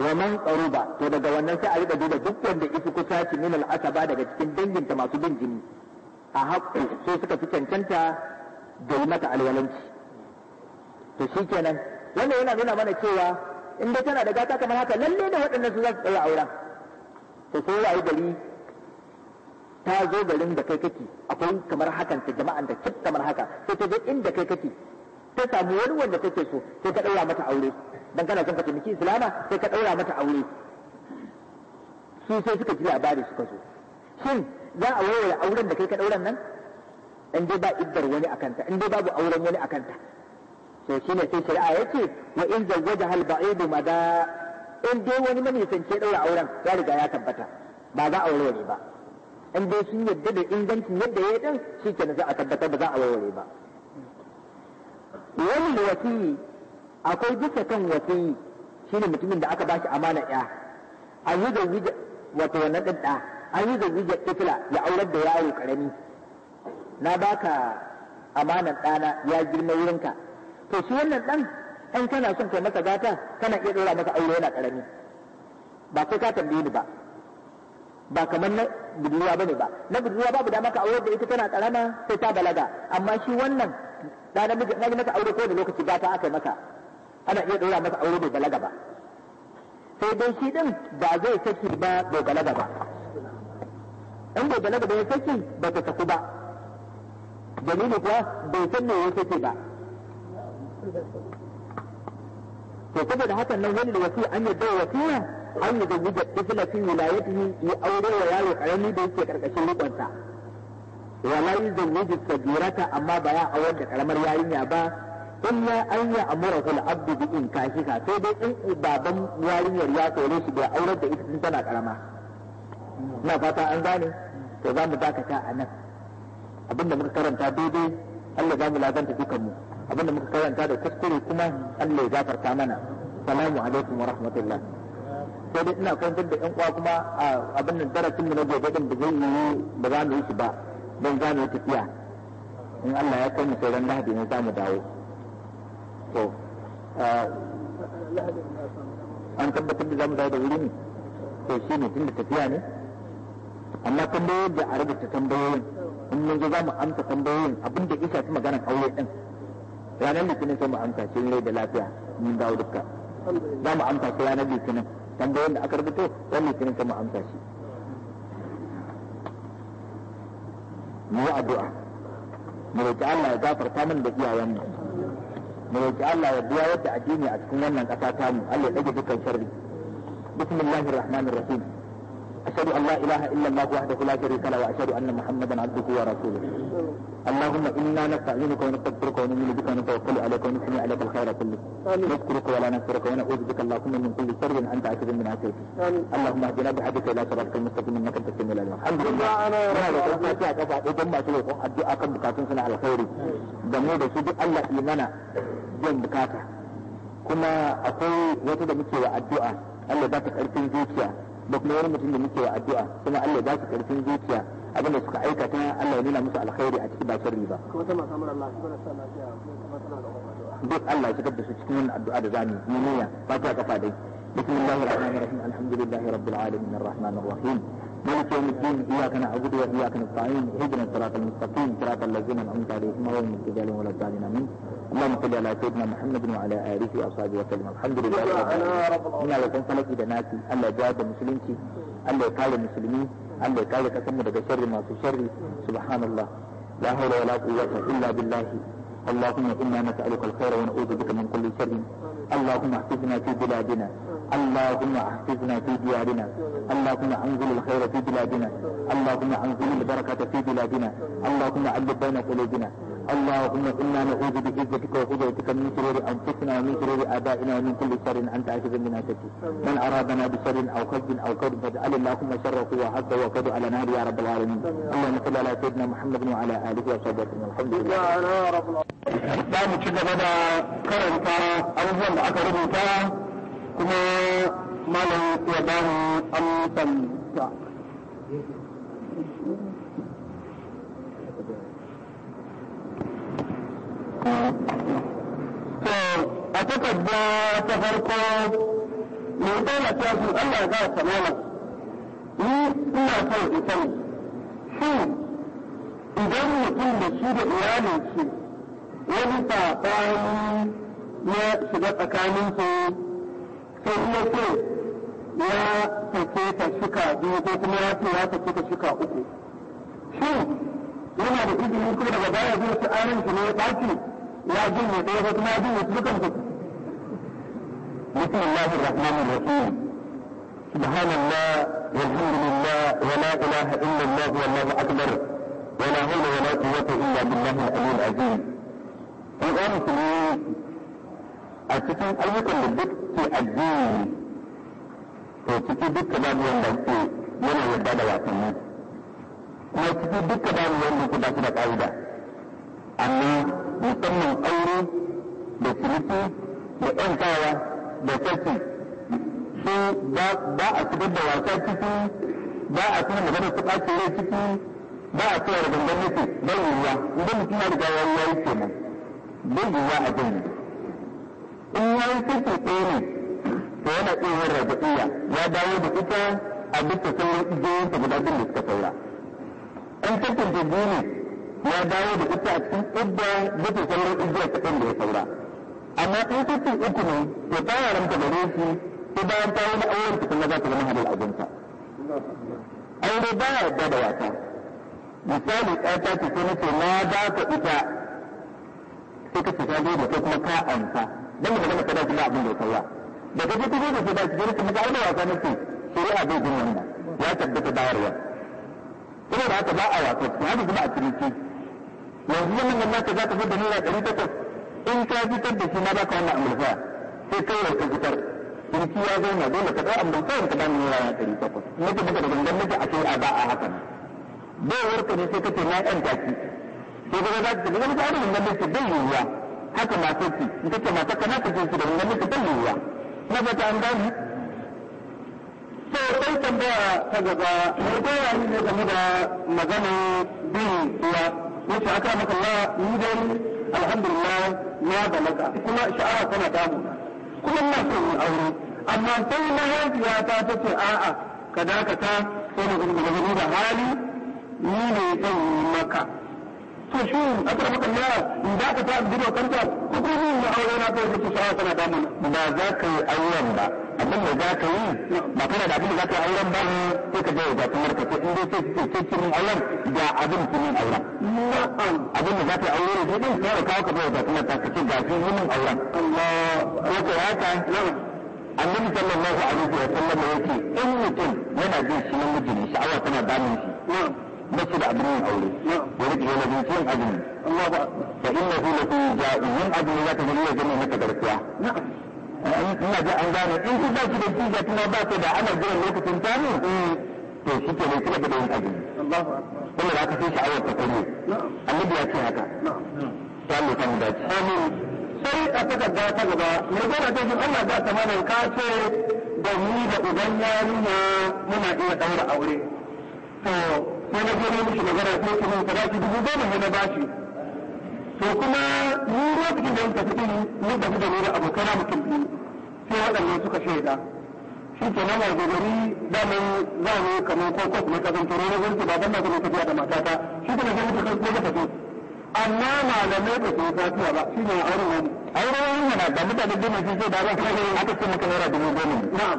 wa man qaruba to daga wannan sai a riga duba duk wanda isu kusaci min al asaba daga cikin danginta masu bin jini a haƙƙu sai suka fi cancanta da yi mata alwalanci to kenan wanda yana nuna mana cewa in dai tana da gata kamar haka lalle da waɗannan su za su tsaya auren to sai rayu gari ta zo garin da kai kake akwai kamar hakan ta jama'an da kamar haka sai ta zo inda kai kake ta samu wani wanda take so sai ka ɗaura mata aure dan kana son ka taimaki islama sai ka ɗaura mata aure su sai suka ji labari suka zo shin za a warware auren da kai ka ɗauran nan in dai ba iddar wani a kanta. in dai babu auren wani a kanta to ne sai shari'a ya ce wa in zawwaja hal ba'idu mada in dai wani mani ke ɗaura auren ya riga ya tabbata ba za a warware ba in dai sun yadda da ingancin yadda ya yi din shi na za a tabbatar ba za a warware ba wani wasiyi akwai bisa kan wasiyi shine mutumin da aka bashi amana ya an yi zazzija wato wannan ɗanɗa. a an yi zazzija tifla ya aurar da yaro karami na baka amanan ɗana ya girma wurinka to shi wannan ɗan in kana son kai masa gata kana iya ɗora masa aure yana ƙarami ba sai ka tambaye ni ba ba kamar na budurwa ba ne ba na budurwa babu dama ka aure da ita tana ƙarama sai ta balaga amma shi wannan da namiji na maka aure ko da lokaci gata aka yi maka ana iya ɗora maka aure bai balaga ba sai dai shi din ba zai saki ba bai balaga ba in bai balaga ba ya saki ba ta saku ba dalili kuwa bai san me ya saki ba to saboda hakan nan wani da wasu an yadda wasu an yi da wujar tifla fi wilayatihi ya aure wa yaro ƙarami da yake karkashin rikonsa wala yuzawwiju birata amma ba ya awar da karamar yarinya ba illa an ya amara kul abdu bi in kashika sai dai in baban yarinyar ya kore shi da aurar da ita tun tana karama na fata an gane to za mu dakata a nan abinda muka karanta daidai Allah za mu ladanta dukanmu abinda muka karanta da kuskure kuma Allah ya gafarta mana salamu alaikum wa rahmatullah sai dai ina kwantar da yan uwa kuma abin nan darasin mu na gobe din da zai yi ba za mu yi shi ba don za mu tafiya in Allah ya kai mu sai ran lahadi ne za mu dawo to an tabbatar da za mu dawo da wuri ne to shi ne tun da tafiya ne amma tambayoyin da a rubuta tambayoyin in mun ga za mu amsa tambayoyin abin da isa ta magana aure din ranar litinin sai mu amsa shi rai da lafiya mun dawo dukka za mu amsa shi ranar litinin tambayoyin da aka rubuto ran litinin sai mu amsa shi mu yi addu'a mu roƙi Allah ya gafarta mana da iyayen mu mu roƙi Allah ya biya yadda addini a cikin wannan ƙasa mu Allah ya dage dukkan sharri bismillahir rahmanir rahim أشهد أن لا إله إلا الله وحده لا شريك له وأشهد أن محمدا عبده ورسوله اللهم إنا نستعينك ونستغفرك ونؤمن بك ونتوكل عليك ونسمع عليك الخير كله نذكرك ولا نذكرك ونعوذ بك اللهم من كل شر أنت عاتب من عافيتك اللهم اهدنا بحبك إلى صراطك المستقيم إنك أنت السميع العليم الحمد لله أنا رسول الله إذا ما شو يقول الدعاء كم بكاتون سنة على خير دمو يا رب إيمانا جن بكاته كما أقول وتدمك وأدعاء الله ذات الأرض zuciya da kuma wani mutum da muke wa addu'a kuma Allah ba su karfin zuciya abin da suka aikata Allah ya nuna musu alkhairi a cikin ba sharri ba duk Allah ya shigar da su cikin wannan addu'a da zamu yi niyya ba ta kafa dai بسم الله الرحمن الرحيم الحمد لله رب العالمين الرحمن الرحيم مالك يوم الدين اياك نعبد واياك نستعين اهدنا الصراط المستقيم صراط الذين انعمت عليهم غير المغضوب عليهم ولا الضالين امين اللهم صل على سيدنا محمد وعلى اله واصحابه وسلم الحمد لله رب العالمين ina roƙon falaki da nasi Allah ya da musulunci Allah ya kare musulmi Allah ya kare kasar mu daga sharri masu sharri subhanallah la hawla wala quwwata illa billah اللهم انا نسالك الخير ونعوذ بك من كل شر اللهم احفظنا في بلادنا اللهم احفظنا في ديارنا اللهم انزل الخير في بلادنا اللهم انزل البركه في بلادنا اللهم علب بين قلوبنا اللهم إنا نعوذ بعزتك وقدرتك من شرور أنفسنا ومن شرور آبائنا ومن كل شر أنت أشد من أشد من أرادنا بشر أو خز أو كرب فاجعل اللهم شره وحظه وكد على نار يا رب العالمين اللهم صل على سيدنا محمد وعلى آله وصحبه وسلم الحمد لله يا رب العالمين دعم هذا كرمك أولا أكرمك كما ما لم يدعم أمسا to a takarda ta farko mai taimaka su Allah za ta mana ni ina son in sani shin idan mutum da shi da iyalin shi wani saɓani ya shiga tsakanin su sai ya ce ya sake ta shika biyu ko kuma ya ce ya sake ta shika uku shin yana da izini ko daga baya zai ci arin shi ne ya ɓaci لا دين تيغت ما دين اتبكم بسم الله الرحمن الرحيم سبحان الله والحمد لله ولا اله الا الله والله اكبر ولا حول ولا قوة الا بالله العلي العظيم الان مسلمين اتكلم ايضا بالذكر في الدين وتكي دكا باب يندسي ينا يبدا واتنين وتكي دكا باب يندسي باسي بقايدة أما musamman aure da ciniki da ƴantawa da sassi su ba a fitar da wasa ciki ba a tuna magana su ɓace rai ciki ba a cewa da gangan nufi bai yiwuwa idan mutum ya riga ya yi ke nan bai yiwuwa a bai in ya yi kirki ɗaya ne to yana iya yin raja'iya ya dawo da ita a duk bisa sauran igiyoyinsa guda biyu da suka saura an kirkin biyu ne ya dawo da ita a cikin idda bisa sauran ta kaɗan da ya saura amma in sittin uku ne to ta ta gare shi ko bayan ta wani auren ta kuma za ta zama halal abinta aure ba ya yarda da wata misali ta ce ko nace na ba ka ita sai ka fita da ko kuma ka amsa dan ba zama da kuma abin da ya saura da kaje ta da ta dace gare ka maka aure wata ce shari'a bai jin wannan ya tabbata bayarwa da haka ba a wasa haka kuma a ciniki yanzu yamin nan naka za ta fitar da naira ɗari takwas in ka fitar da shi na baka wannan amurfa sai kawai ka fitar in ki ya zauna dole ka ɗau amurfa in ka ni naira ɗari takwas nake baka da gangan nake a sai a ba a haka nan baiwar ne sai kace na ɗan taki sai ka za ka wani tsarin wannan nake bai yiwuwa haka matar ki in kace matar ka ka ce da wannan nake bai yiwuwa na fata an gani sai sai tambaya ta gaba mai kowa ne game da maganar bin uwa yace aka maka Allah ni dai alhamdulillah na da balaga kuma sha'awa tana damu kuma ina son in aure amma sai mahaifiyata ta ce a'a ka dakata sai mu zama da hali ni ne zan maka to shi aka maka Allah in dakata in bi kanta, ko kuma ni aure na kai ta sha'awa tana damu ba za ka yi auren ba abin da za ka yi ba kana da abin da za ka yi auren ba ne sai ka gaya gatumar ka ko in dai sai ce sai auren ga abin kimin auren abin da za ka yi auren sai din sai ka kawo ka gaya gatumar ta ka ce ga kimin auren ko ka haka annabi sallallahu alaihi wa sallam yake in mutum yana jin shi namiji shi sha'awa tana damun shi basu da abin yin aure ya rike yana jin cin azumi fa innahu lahu ja'iyyun azumi za ta gani ya zama mata garkuwa ina ji an gane in ku ba ki da kija kuma ba ku da ana jiran lokacin tamu to shi ke mai kuma da yin azumi kuma da aka sai sha'awar ta kare annabi ya ce haka ta mu ta mu dace sai a ta gaba ta gaba mai gona ta jin Allah za ta mana ka ce da ni da uban yarinya muna iya daura aure to sai na gani mishi magana sai kuma ka ba shi dubu goma ne na bashi to kuma ni lokacin da muka tafi mun tafi da ni da abokan mutum biyu sai waɗannan suka shaida shi ke nan mai gari daman za mu kamar ko kuma ka kasan turo na gurki ba dan da kuma tafiya da matata shi kuma sai muka ko da tafi amma malamai da kuma tafiya ba shi ne auren wani auren wani yana da mutane da mai sai da ba ran kai aka ce muka naira dubu goma na'am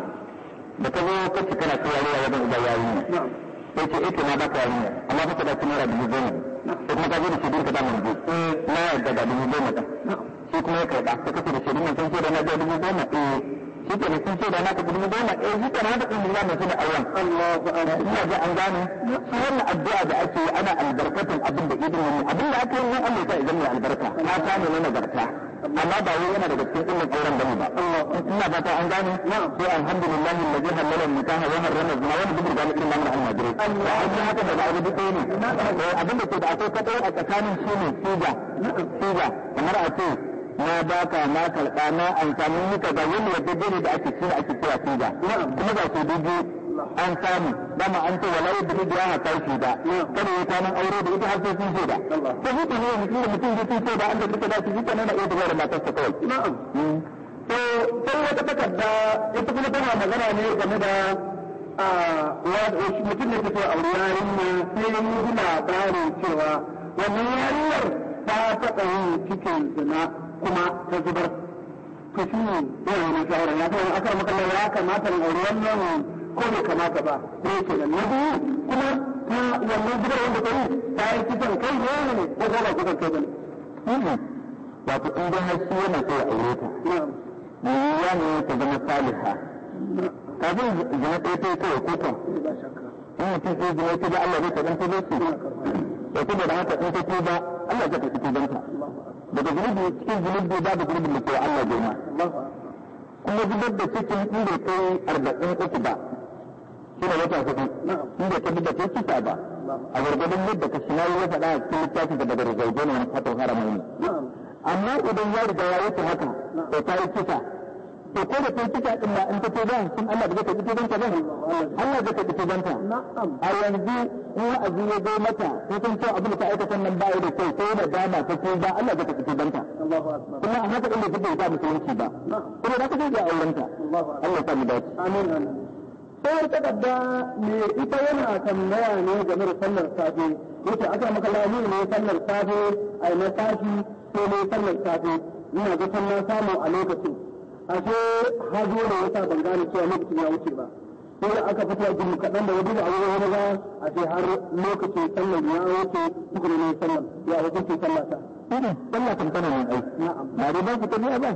da ka zo kace kana cewa ruwa wajen uba ne sai ce ita eh, na ba baka yayi amma ba ka da kuma naira dubu goma da kuma ka zo da shirin ka damar ji eh. na yadda ga dubu goma ta shi kuma ya karɓa ta kace da shirin mai sun ce da na ga dubu goma eh shi ke sun ce da na ka dubu goma eh shi ke na da ɗin da mai da auren eh, ina ji an gane wannan addu'a da ake yi ana albarkatun abin da ibn wani abin da ake yi nan Allah ya ya zama albarka na samu na nagarta amma ba wai yana daga cikin ilmin auren bane ba ina ba ta an gane sai alhamdulillah alladhi halala nikaha wa harrama zina wani bidin da mutum namar almajiri da an yi haka daga abu duk ne eh, abin da ke da akwai kadai a tsakanin shi ne siga siga kamar a ce na baka na karɓa na amfani muka ga yin yadda da ake cewa ake kira siga kuma ga su dubu an samu dama an ce wala yadda ne biya haka shi da kada ya kwanan aure da ita har sai sun shaida to shi ne mutum mutum ya sun ba an da duka da shi shi kana na iya tafiya da matarsa kawai na'am hmm. to sai wata takarda ita kuma tana magana ne game da eh, mutum ne a aure ne sai ya yi labarin cewa wannan yarinyar ta taɓa yin cikin zina kuma ta zubar to shi ne yana na shawarar ya kai akar makalla ya kamata na aure wannan ko bai kamata ba ne ke nan na biyu kuma ta wannan wanda ta yi ta yi kisan kai ne ne ko ba kisan kai ba ne. wato in dai har yana so ya aure ta. ne ya ne ta zama saliha. zama ɗaya ta yi kawai ko kan. in mutum sai zama ta ba Allah zai ta zanta zai ce. da haka in ta tuba Allah zai ta tubanta. daga zunubi cikin zunubi babu zunubin da ke Allah ma. kuma zubar da cikin in bai kai arba'in uku ba kuma wata hudu in da ta bi fita ta kisa ba a gargadin yadda ka shi ya faɗa a cikin littafi da daga zargin wani fatan haramun ne amma idan ya riga ya wuce haka to ta yi kisa to ko da ta kisa din ba in ta ce zan sun Allah zai karɓi tuban ta ba Allah zai karɓi tuban ta a yanzu in wa'azi ya zo mata ko kun ce abin da ta aikata nan ba da kai sai da dama ta ce ba Allah zai karɓi tuban ta kuma a haka din da take ba musulunci ba kuma da ka je ga aurenta Allah ya sa mu dace amin amin sai takarda me ita yana tambaya ne game da sallar safe yace aka maka lamu ne sallar safe ai na tashi sai ne sallar safe ina ga sallar samu a lokacin ashe hazo ne yasa ban gane cewa lokacin ya wuce ba sai aka fito da kaɗan da wajen abu wani ba a ce har lokacin sallar ya wuce duk ne sallar ya wuce sallar ta sallah tana nan ai ba da ba ku ta ba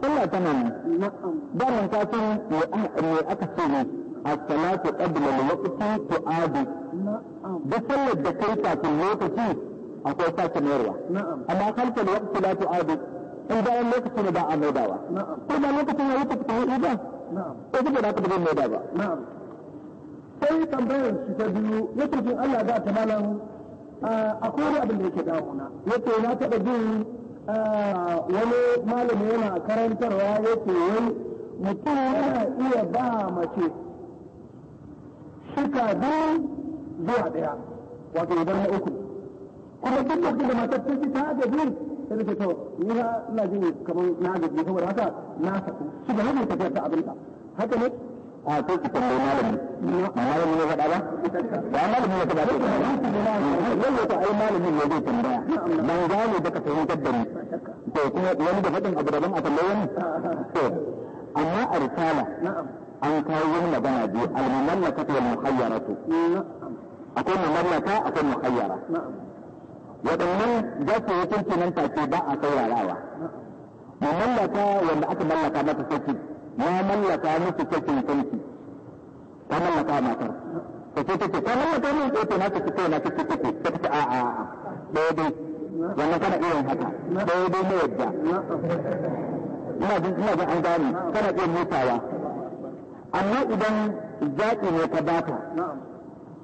sallah tana nan na'am dan ka me aka ce ne as-salatu qabla al-waqti tu'adu duk sallar da kai kafin lokaci akwai sake mayarwa amma khalfal waqti la tu'adu in da bayan lokaci ne ba a maidawa ko ba lokacin ya wuce ta hudu ba ko kuma da ka ba maida ba sai tambayar shi ta biyu ya turkin Allah da ta malam akwai wani abin da yake damuna yace na taɓa jin wani malami yana karantarwa yace wai mutum yana iya ba mace suka biyu zuwa ɗaya wato ya zama uku kuma duk lokacin da matar ta ji ta gaji sai da ke to ni na ina jin kamar na gaji saboda haka na saku su da haka tafiyar ta abinta haka ne a ko ki tambayi malami malami ne faɗa ba ba malami ne faɗa ba yau ta ai malami ne zai tambaya ban gane da ka fahimtar da ni to kuma wani da faɗin abu daban a tambayi wani to amma a risala an kawo wani magana biyu al-mamlakatu wal muhayyaratu akwai mamlaka akwai muhayyara waɗannan za su yi kirki nan take ba a saurarawa mamlaka wanda aka mallaka mata sarki ya mallaka musu kirkin sarki ta mallaka matar ta ce take ta mallaka min ko ta naka kike na kike kike ta ce a a a wannan kana irin haka dai dai ne yadda ina jin ina jin an gani. kana iya mutawa amma idan zaɓi ne ka baka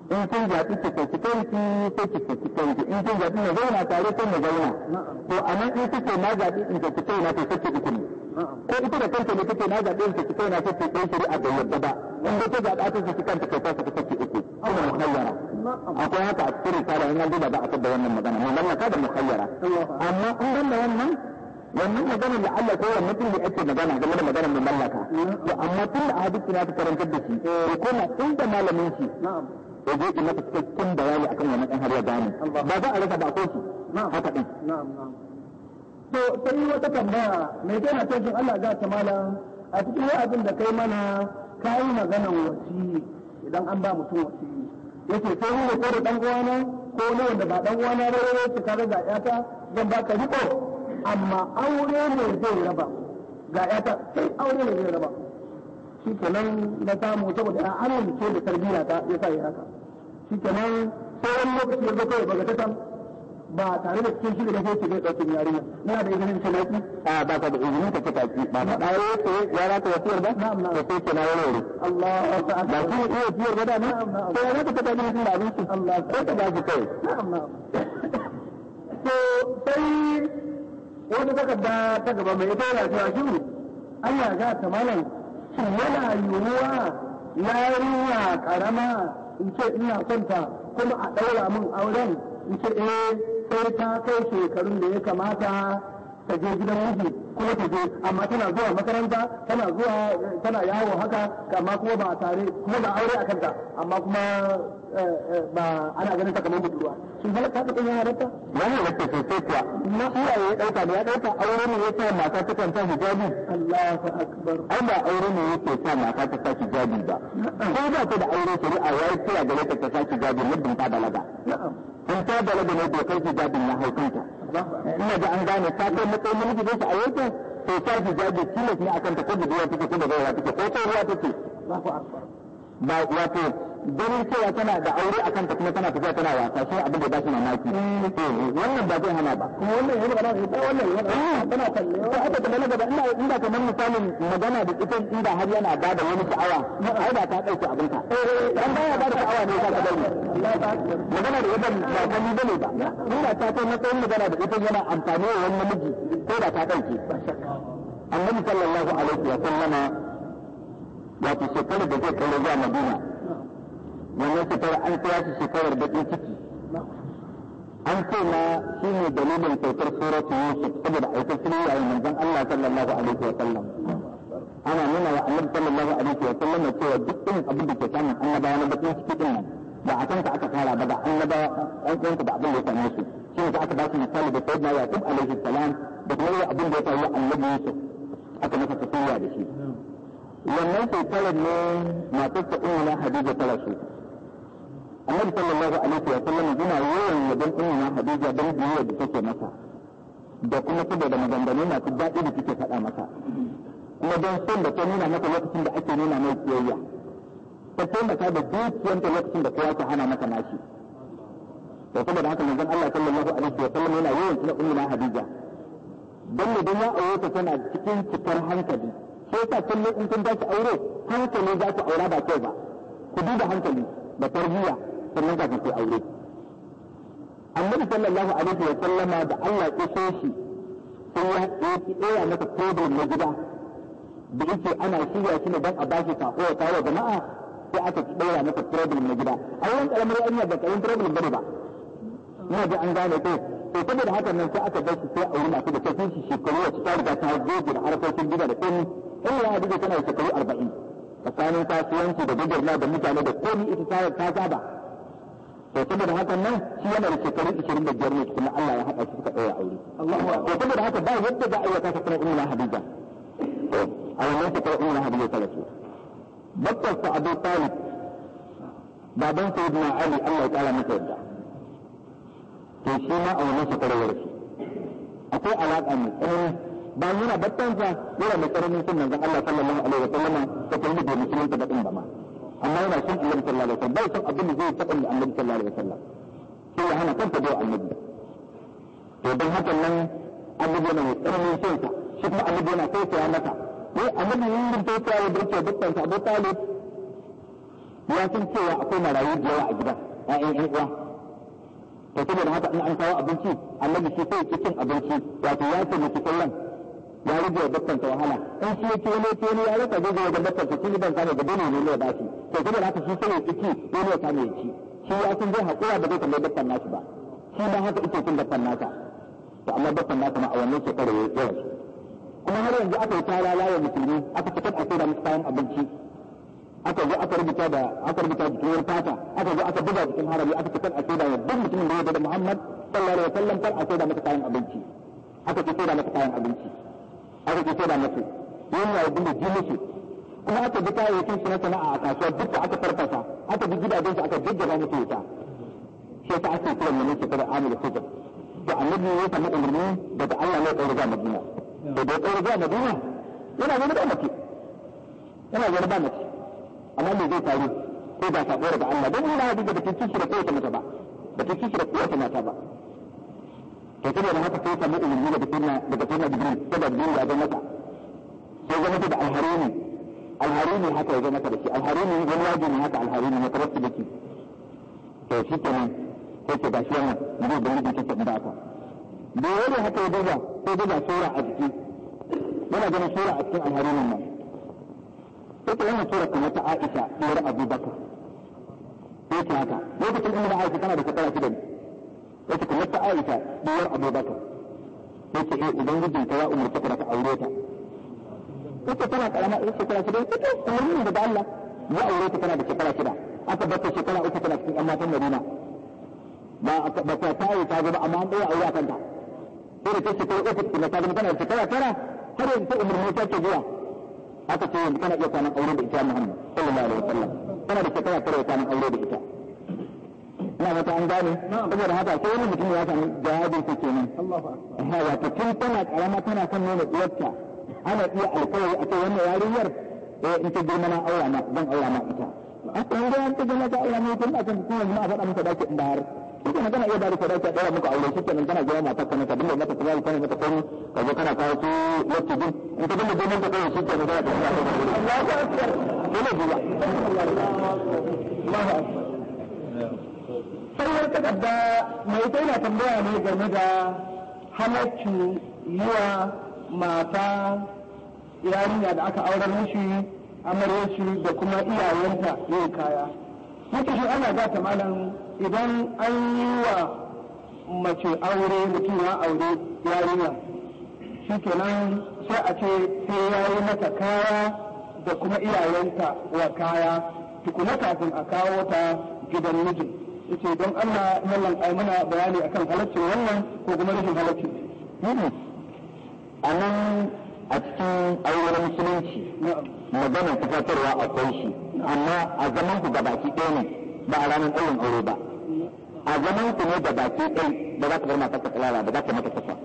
in sun zaɓi ki kai kanki ko ki kai kanki in sun zaɓi na zauna tare ko na zauna to amma in suke na zaɓi in saki kai na kai uku ne ko ita da kanta ne take na zaɓi in kai na kai sai sai a da yadda ba in dai ta zaɓa ta saki kanta kai kai saki saki uku kuma muhayyara akwai haka a cikin risala in an duba ba a da wannan magana mu ka da muhayyara amma in ban da wannan wannan magana da Allah ko wannan tun da ake magana game da maganar mu mallaka to amma tun da hadisi na ta karantar da shi eh. ko kuma da malamin shi Ko je ki maka cikakken bayani akan wannan dan har ya gane ba za a rasa ba ko shi haka din to sai wata tambaya me na cikin Allah za ta mala a cikin wa'azin da kai mana kai maganar wasi idan an ba mutum wasi Yake sai ni ko da dan uwana ko ne wanda ba dan uwana ba ne ka ga ya ta zan baka riko amma aure ne zai raba ga yata sai aure ne zai raba shi kenan na samu saboda ya amince da tarbiyya ta ya sa ya haka shi kenan sauran lokaci ya zo kawai baga ta ba tare da cikin shirin da ke zai ɗaukin yarinya na da izinin ta naki a ba ka da izinin ta ta ki ba da ya ce ya ra ta wasiyar ba na'am na'am sai ke na wuri Allahu ta'ala ba ki iya wasiyar ba da ne to ya ta ta ne da abinci Allah ko ta ba ki kai na'am na'am to sai wani takarda ta gaba mai fara cewa shi ya ga ta malam yana yiwuwa yarinya karama in ce ina son ta kuma a ɗaura min auren in ce eh sai ta kai shekarun da ya kamata ta je gidan miji ko ta je amma tana zuwa makaranta tana zuwa tana yawo haka amma kuma ba tare kuma ba aure a kanta amma kuma Eh, ba ana ganin ta kamar budurwa Sun halatta ta kuma halatta ya halatta sosai kuwa na iyaye ya dauka ne ya dauka aure ne yake mata ta kan ta hijabi Allahu akbar ai ba aure ne yake sa mata ta sa hijabi ba ko ba ta da aure shari'a ya ce ya gare ta ta sa hijabi muddin ta balaga na'am in ta balaga ne dokar hijabin na haukanta ina da an gane ta kai matsayin namiji ne ta aure ta to ta hijabi tilas ne akan ta ko budurwa take ko da gaiwa take ko ta ruwa take Allahu akbar ba wato ganin cewa tana da aure akan ta kuma tana tafiya tana wasa shi abin da ba shi mamaki mm. eh, wannan ba zai hana ba kuma wannan yana ba ko wannan yana tana kalle ko aka kalle gaba ina inda kamar misalin magana da ita inda har yana ba da wani sha'awa ai ba ta dauke abin ka eh, eh, dan baya ba da sha'awa ne ka gani magana da yadda ba kani bane ba ina ta kai matsayin magana da ita yana amfani wa wani namiji ko da ta dauke annabi sallallahu alaihi wa sallama wato shekarar da zai kai zuwa madina wannan shekarar an kira shi shekarar bakin ciki an ce ma shi ne dalilin saukar suratu yusuf saboda aikacin yayin manzon Allah sallallahu alaihi wa sallam ana nuna wa annabi sallallahu alaihi wa sallam cewa duk ɗin abin da ke samun annabawa na bakin ciki ɗin nan ba a kanka aka fara ba da annabawa an kanka da abin da ya same su shi ne aka ba su misali da sayyidina yaqub alaihi salam da kuma abin da ya faru annabi yusuf aka masa tafiya da shi wannan shekarar ne matar ta umma na hadiza ta rasu annabi sallallahu alaihi wa sallam yana yawan dan ina hadija don biyo da take masa da kuma kuma da maganganu masu daɗi da take faɗa masa kuma dan son da ta nuna masa lokacin da ake nuna mai kiyayya ta taimaka da dukiyanta lokacin da kowa ta hana masa nashi to saboda haka manzon Allah sallallahu alaihi wa sallam yana yawan tuna ummu Khadija don da ya aure ta tana cikin cikar hankali sai ta kullum in kun dace aure hankali za ta aura ba kyau ba ku duba hankali da tarbiyya sannan ka sai aure annabi sallallahu alaihi wa sallama da Allah ya so shi sai ya yi tsaya masa tobe na gida da yake ana shirya shi ne don a bashi sako ya kawo jama'a sai aka tsaya masa tobe na gida ai wani karamar yanya da karamin problem bane ba ina da an gane ko to saboda haka nan sai aka bashi sai aure masu da kafin shi shekaru wacce ta riga ta goge da harkokin gida da komai in ya haɗu da tana shekaru arba'in tsakanin kasuwanci da gudunar da mutane da komi ita ta saba to da hakan nan shi yana da shekaru 25 ne kuma Allah ya haɗa shi suka ɗaya aure to da haka ba yadda za a yi wata kuma umma hadija a wannan shekaru umma hadija ta rasu bakkar sa Abu Talib baban Sayyidina Ali Allah ya kara masa yadda to shi ma a wannan shekaru ya rasu akwai alaƙa mai tsanani bayan yana battansa yana mai ƙaramin sunan ga Allah sallallahu alaihi wa sallam ta kuma da musulunta da ɗin ba ma amma yana son annabi sallallahu alaihi wasallam bai san abin da zai taɓa da annabi sallallahu alaihi wasallam sai ya hana kanta da annabi to don haka nan annabi yana mai kanta shi kuma annabi yana kai ya mata ko annabi yin da ta ya da yake dukkan ta Abu Talib ya san cewa akwai marayu da yawa a gidan ƴaƴan ƴan uwa to saboda haka in an kawo abinci annabi shi sai cikin abinci wato ya ce mutu kullum ya rage wa ta wahala in shi ya ce ne ne ya rasa ga dukkan ta, shi ban sani da dole ne ya ba shi to da haka shi sai ya ci wani ya kame ya ci shi ya san zai haƙura da zai tambayi dabban nasu ba shi ba haka ita kun dabban nasa to amma dabban nasa ma a wannan shekarar ya yawa kuma har yanzu aka yi tara lawa musulmi aka fitar a sai da musu kayan abinci aka zo aka rubuta da aka rubuta tuwar fata aka zo aka buga cikin harabi aka fitar a sai da duk mutumin da ya da Muhammad sallallahu alaihi wasallam kar a sai da masa kayan abinci aka ce sai da masa kayan abinci aka ce sai da masa yana da jini shi kuma aka bi kayayyakin su na sana'a a kasuwa duk da aka farfasa aka bi gidajen su aka jajjaba musu ta shi yasa ake kiran mu ne shekarar amil sujud to annabi ya samu umarni daga Allah ne tsoro ga Madina to da tsoro ga Madina yana zama da mace yana zama da mace amma me zai faru ko ba sabo daga Allah don Allah da bakin kishi da kowace mace ba bakin kishi da kowace mata ba to saboda haka sai samu umarni daga sunna daga sunna Jibril saboda Jibril ya ga mata sai zama da alharini. alharimi haka ya zama da shi alharimi wani wajen haka alharimi na tabbata da shi to shi kenan sai ce ba shi wannan ne da wani kike da aka da yau haka ya duba sai duba sura a jiki yana ganin sura a cikin alharimin nan sai ta wannan sura kamar ta Aisha ɗiyar Abu Bakar sai ta haka lokacin da Aisha tana da shekara shida ne sai ta kamar ta Aisha ɗiyar Abu Bakar sai ta ce eh, ubangijinta ya umarci ka da ka aure ta ita tana karama ita shekara shida ita ne da Allah aure ta tana da shekara shida aka shekara uku tana cikin Madina ba ba ta ta amma an dora aure kanta sai ta shekara uku ta tana shekara tara har yanzu ta ce zuwa ce yanzu iya kwanan aure da ita Muhammad sallallahu alaihi wasallam tana da shekara tara kwanan aure da ita ina mata an gane saboda haka ko wani mutum ya sami jawabin ta kenan Allahu akbar wato tun tana karama tana kan nuna uwarta ana iya alkawari a kai wannan yarinyar eh in ta girma na Allah ma zan Allah ma ita a kan da an ta girma ta Allah ne ita ina kan kuma ma a faɗa maka daki inda har kuma magana iya iya bada sadaki a ɗora muku aure shi nan kana ga mata kana ka dinga mata kuma kana mata komai ka zo kana kawo su yadda din in ka dinga ganin ta kawai shi kenan kana ta Allah ta kuma Allahu akbar dole duba Allahu akbar sai takarda mai tsaye tambaya ne game da halaccin yiwa mata yarinya da aka auren mishi amaryar shi da kuma iyayenta yin kaya Mutu shi ana ga ta malam idan an yi wa mace aure mutum ya aure yarinya shi kenan sai a ce sai ya yi mata kaya da kuma iyayenta wa kaya tukuna kafin a kawo ta gidan mijin ce don Allah mallan ai muna bayani akan halaccin wannan ko kuma rashin halaccin a nan a cikin aure na musulunci magana tufatarwa a shi amma a zaman ku gabaki ɗaya ne ba a ranar ɗaurin aure ba a zaman ku ne gabaki ɗaya ba za ka bar matar ka kalala ba za ka mata kasa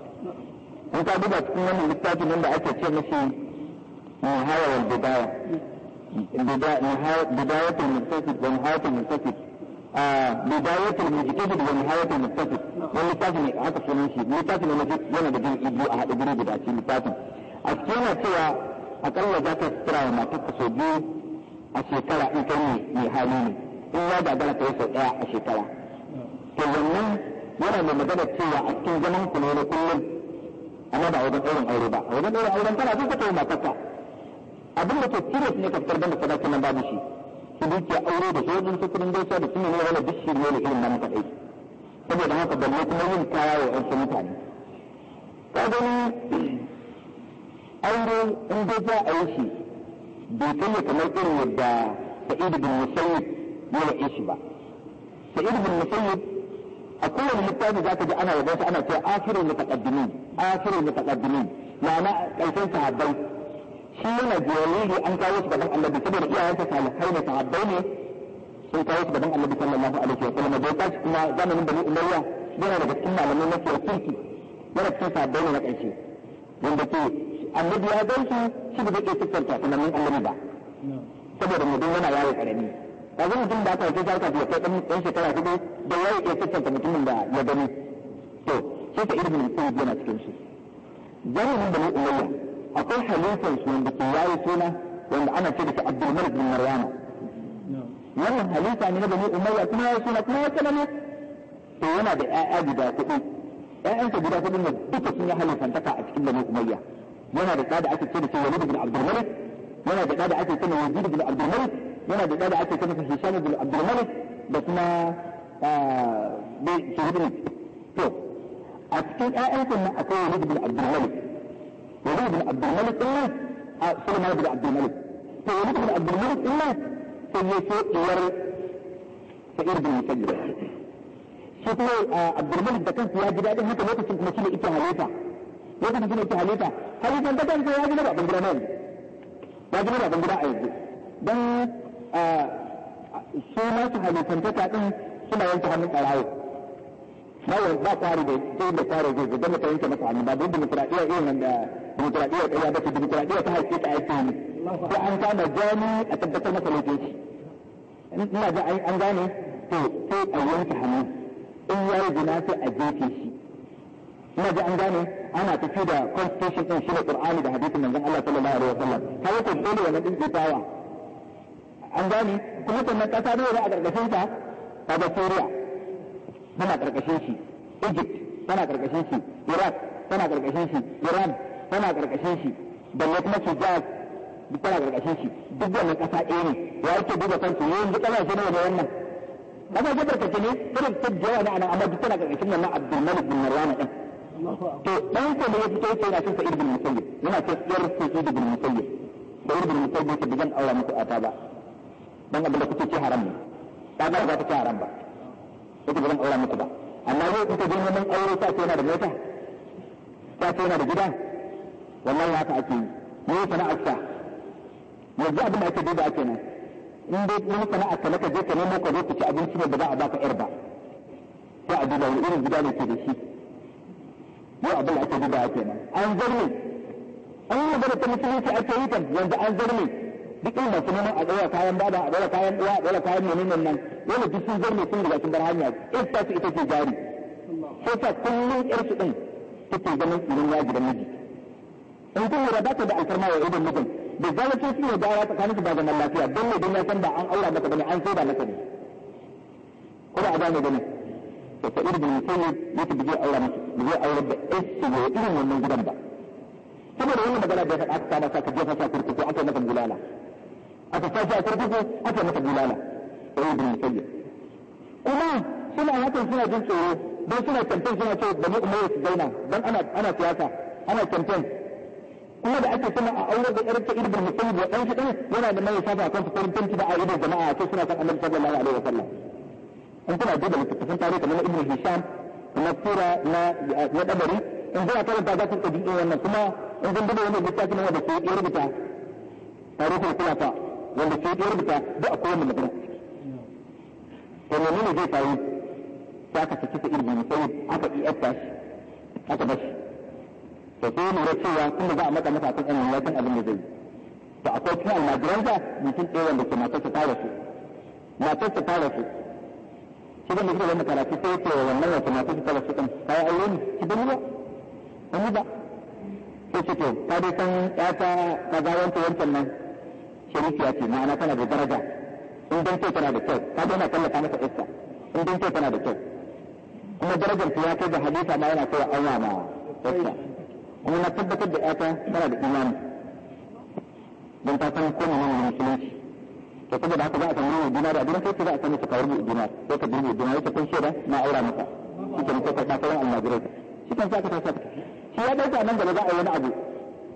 in ka duba cikin wannan littafin nan da ake ce mashi nihayar bidaya bidayatul mustafid wa nihayatul mustafid bidayatul mujtahid wa nihayatul mustafid wani littafi ne aka sunan shi littafi ne na yana da jin ibu a haɗe guri guda cikin littafin a yana cewa akalla za ka sutura wa ka sau biyu a shekara in kai mai hali ne in ya gagara ka yi sau ɗaya a shekara to wannan yana mai magana cewa a cikin zaman ku ne na kullum amma ba a wajen ɗaurin aure ba a wajen ɗaurin auren tana sun fito matarka abin da ke serious ne ka fitar da sadaki nan babu shi su dukiya aure da sojin su kudin gaisuwa da kuma wala duk shi ne da irin nan kaɗai saboda haka balle kuma yin kaya wa 'yan mutane ka gani aure in dai za a yi shi bai kai kamar irin yadda sa'id bin musayyib ya yi shi ba sa'id bin musayyib a kowane littafi za ka ji ana yabon ana cewa akhiru mutaqaddimin akhiru mutaqaddimin ma'ana karshen sahabbai shi yana jariri an kawo shi gaban annabi saboda iyayensa salihai ne sahabbai ne sun kawo shi gaban annabi sallallahu alaihi wa sallam da ya tashi kuma zamanin bani umayya yana daga cikin malamai na kirki yana cikin sahabbai ne na ƙarshe wanda ke annabi ya gan shi shi ba ta kuma mun annabi ba saboda mutum yana yaro karami yanzu mutum da aka yi ta kafin ya kai ɗan shekara hudu da ke iya ta mutumin da ya gani to sai ta irin mutum yana cikin shi jami'in bani umayya akwai halifan su wanda ke yayi suna wanda ana ce da shi abdulmalik bin maryama wannan halifa ne na bani umayya kuma ya suna kuma ya ne to yana da 'ya'ya guda kuɗi 'ya'yansa guda kuɗi ne duka sun yi taka a cikin bani umayya وانا بقاعد عايز اتكلم في وليد بن عبد الملك وانا بقاعد عايز اتكلم في وليد بن عبد الملك وانا بقاعد عايز اتكلم في هشام بن عبد الملك بس ما ااا آه، بشهدني شوف اكيد اعرف آه، آه، ان اكون وليد بن عبد الملك وليد بن عبد الملك الناس سلمان بن عبد الملك وليد بن عبد الملك الناس في يسوع يور سعير بن مسجد شوفوا عبد الملك ده كان في هذه البلاد حتى ما كنت مسؤول انت عليها ما كنت مسؤول انت عليها har yanzu da kanka ya gina baban gida mai ya ba baban gida a yanzu don su masu halittantaka din suna yanke hannun ɓarawo Na wa ba tsari da zai da tsari zai zai don mutum yanke masa ba don demokuraɗiyya irin da demokuraɗiyya ɗaya ba ce demokuraɗiyya ta haƙƙi ta aiki ne ko an kama jami a tabbatar masa laifi ina ga an gane to sai a yanke hannu in ya yi gina sai a jefe shi ina ga an gane ana tafi da constitution din shi da qur'ani da hadisin manzon Allah sallallahu alaihi wasallam kaga ko dole wannan din tawa an gani kuma sannan kasa da a gargashin ta da Syria tana gargashin shi Egypt tana gargashin shi Iraq tana gargashin shi Iran tana gargashin shi ne kuma Hijaz duk tana gargashin shi duk wannan kasa ɗaya ne ya yake duba kansu duk kana shi ne wannan kaga jabar ka ne irin ta jawa da ana amma duk tana gargashin nan Abdul Malik bin Marwan din to dan sa da ya fito yake yana son sa'id bin musayyib yana son yar sa'id bin musayyib sa'id bin musayyib yake bigan aura muku ata ba dan abin da kuke ci haram ne ta ba za ta ci haram ba kuke bigan aura muku ba amma yau ita gina nan aure ta ce yana da mota ta ce yana da gida wallahi haka ake yi ne sana'ar sa yanzu abin da ake duba ake nan in dai wani sana'a ka naka je ka nemo ka zo ku ci abinci ne ba za a baka yar ba sai a duba wani irin gida ne ke da shi mu abin da ake buga kenan an zarme an yi magana ta musulunci a ce yitan yanzu an zarme duk inda kuma mun a ɗora kayan bada a ɗora kayan ɗuwa a ɗora kayan menene nan yana duk sun zarme sun daga sun bar hanya ita ce ita ce jari sai ta kullum ƴar su ɗin take ganin tsirin ya gidan miji in kun lura ba ta da alfarma wa idan mijin da zalunci su ne dawa tsakaninsu ba zaman lafiya don ne don ya san ba an aura maka bane an sai da maka ne kuma a gane gani da sa'ir bin musayyib yake da zai aura masa da zai aure da ƴarsa ya irin wannan gidan ba saboda wannan magana da aka kama sa ka jefa sa kurkuku aka masa bulala aka sa shi a kurkuku aka masa bulala sa'ir bin musayyib kuma suna hakan suna jin tsoro don suna kamfen suna ce da mu'umai su daina don ana siyasa ana kamfen kuma da ake suna a aure da yarta ibn musayyib wa dan kadan yana da mai safa kan farin tanti da ayyukan jama'a to suna kan annabi sallallahu alaihi sallam. in kuna duba littattafan tarihi kamar ibn hisham na tura na na dabari in kuna karanta za ku kaji wannan kuma in kun duba wannan littafin wanda ke yi rubuta tarihin kulafa wanda ke yi rubuta duk akwai wannan magana to ne ne zai faru sai aka saki ilmi ne sai aka yi e aka aka bashi to sai mu ya kun da za a mata masa kan annabi ya kan abin da zai to akwai cikin almajiransa mutum ɗaya wanda ke matarsa ta rasu matarsa ta rasu shi da mutum wanda karatu sai ce wannan wace masu fita da sukan ta yi aure ne ki gani ba wani ba sai ce to ka dai san ya ta ka ga wancan wancan nan sharifiya ce ma'ana tana da daraja in dan ce tana da kyau ka dai na tallata masa iska in dan ce tana da kyau kuma darajar ta ya kai da hadisa ma yana kai aure ma iska kuma na tabbatar da ya ta tana da imani don ta san ko ne musulunci to da aka za a samu wannan dinar a gidan sai za a samu ka rubu dinar sai ka rubu dinar ta kai shaida na aura maka shi ke sai ka ka sauran almajirai shi kan sai ka tafi shi ya dauka nan gaba za a yi wani abu